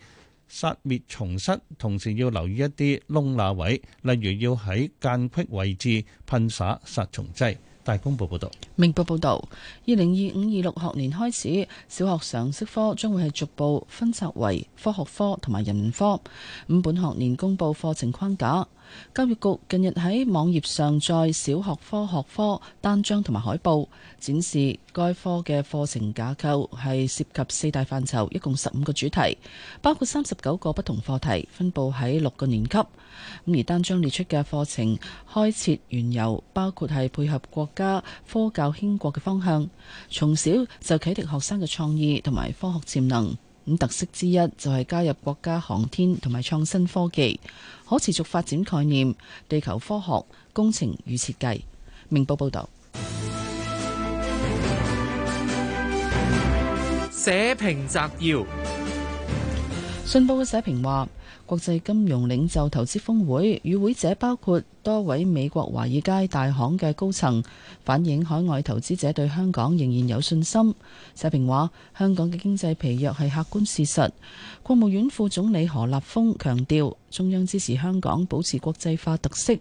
殺滅床蝨，同時要留意一啲窿罅位，例如要喺間隙位置噴灑殺蟲劑。大公報報道，明報報道，二零二五二六學年開始，小學常識科將會係逐步分拆為科學科同埋人文科。咁本學年公布課程框架。教育局近日喺網頁上載小學科學科單張同埋海報，展示該科嘅課程架構係涉及四大範疇，一共十五個主題，包括三十九個不同課題，分布喺六個年級。而單張列出嘅課程開設原由，包括係配合國家科教興國嘅方向，從小就啟迪學生嘅創意同埋科學潛能。咁特色之一就係加入國家航天同埋創新科技，可持續發展概念，地球科學、工程與設計。明報報道，社評摘要。信報嘅社評話。國際金融領袖投資峰會與會者包括多位美國華爾街大行嘅高層，反映海外投資者對香港仍然有信心。社評話：香港嘅經濟疲弱係客觀事實。國務院副總理何立峰強調，中央支持香港保持國際化特色。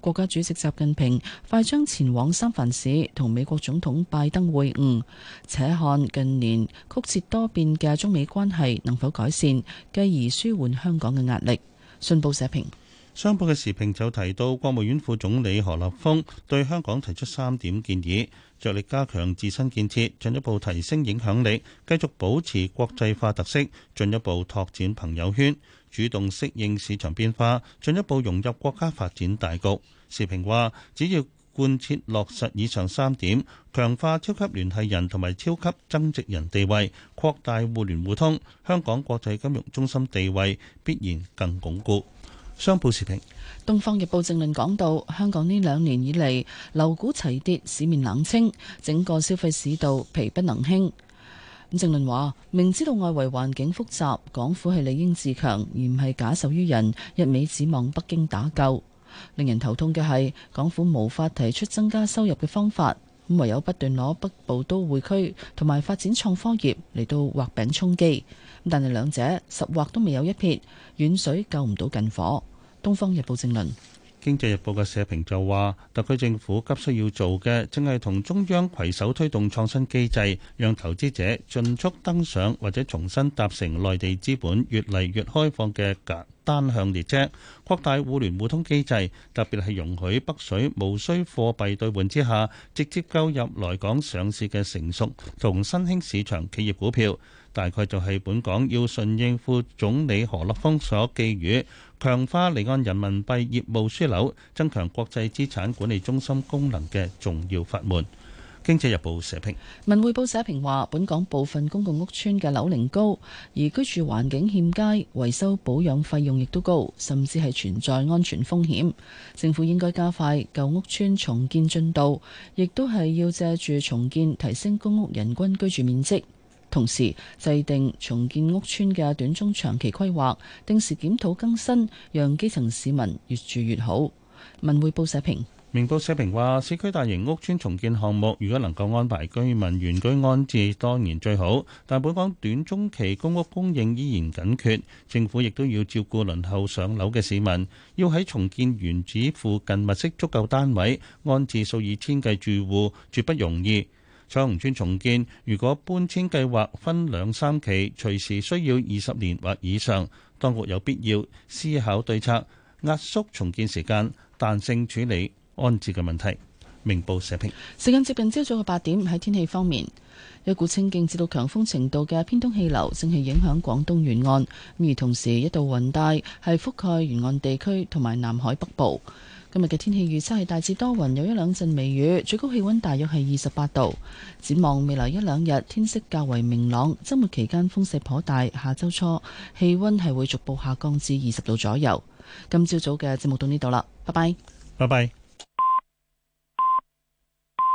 國家主席習近平快將前往三藩市同美國總統拜登會晤，且看近年曲折多變嘅中美關係能否改善，繼而舒緩香港嘅壓力，信報社評。商報嘅時評就提到，國務院副總理何立峰對香港提出三點建議，着力加強自身建設，進一步提升影響力，繼續保持國際化特色，進一步拓展朋友圈，主動適應市場變化，進一步融入國家發展大局。時評話，只要貫徹落實，以上三點，強化超級聯繫人同埋超級增值人地位，擴大互聯互通，香港國際金融中心地位必然更鞏固。商報時評，《東方日報》正論講到，香港呢兩年以嚟樓股齊跌，市面冷清，整個消費市道疲不能興。咁正論話，明知道外圍環境複雜，港府係理應自強，而唔係假手於人，一味指望北京打救。令人頭痛嘅係，港府無法提出增加收入嘅方法，咁唯有不斷攞北部都會區同埋發展創科業嚟到畫餅充饑，但係兩者實畫都未有一撇，遠水救唔到近火。東方日報正論。經濟日報嘅社評就話，特區政府急需要做嘅，正係同中央攜手推動創新機制，讓投資者迅速登上或者重新搭乘內地資本越嚟越開放嘅格單向列車，擴大互聯互通機制，特別係容許北水無需貨幣兌換之下，直接購入來港上市嘅成熟同新興市場企業股票。大概就係本港要順應副總理何立峰所寄予。強化離岸人民幣業務樞紐、增強國際資產管理中心功能嘅重要法門。《經濟日報》社評，文匯報社評話：本港部分公共屋邨嘅樓齡高，而居住環境欠佳，維修保養費用亦都高，甚至係存在安全風險。政府應該加快舊屋邨重建進度，亦都係要借住重建提升公屋人均居住面積。同時制定重建屋邨嘅短中長期規劃，定時檢討更新，讓基層市民越住越好。文匯報社評，明報社評話：市區大型屋邨重建項目如果能夠安排居民原居安置，當然最好。但本港短中期公屋供應，供應依然緊缺，政府亦都要照顧輪候上樓嘅市民，要喺重建原址附近物色足夠單位安置數以千計住戶，絕不容易。彩虹村重建，如果搬遷計劃分兩三期，隨時需要二十年或以上，當局有必要思考對策，壓縮重建時間，彈性處理安置嘅問題。明報社評。時間接近朝早嘅八點，喺天氣方面，一股清勁至到強風程度嘅偏東氣流正係影響廣東沿岸，而同時一道雲帶係覆蓋沿岸地區同埋南海北部。今日嘅天氣預測係大致多雲，有一兩陣微雨，最高氣溫大約係二十八度。展望未來一兩日天色較為明朗，周末期間風勢頗大，下周初氣溫係會逐步下降至二十度左右。今朝早嘅節目到呢度啦，拜拜，拜拜。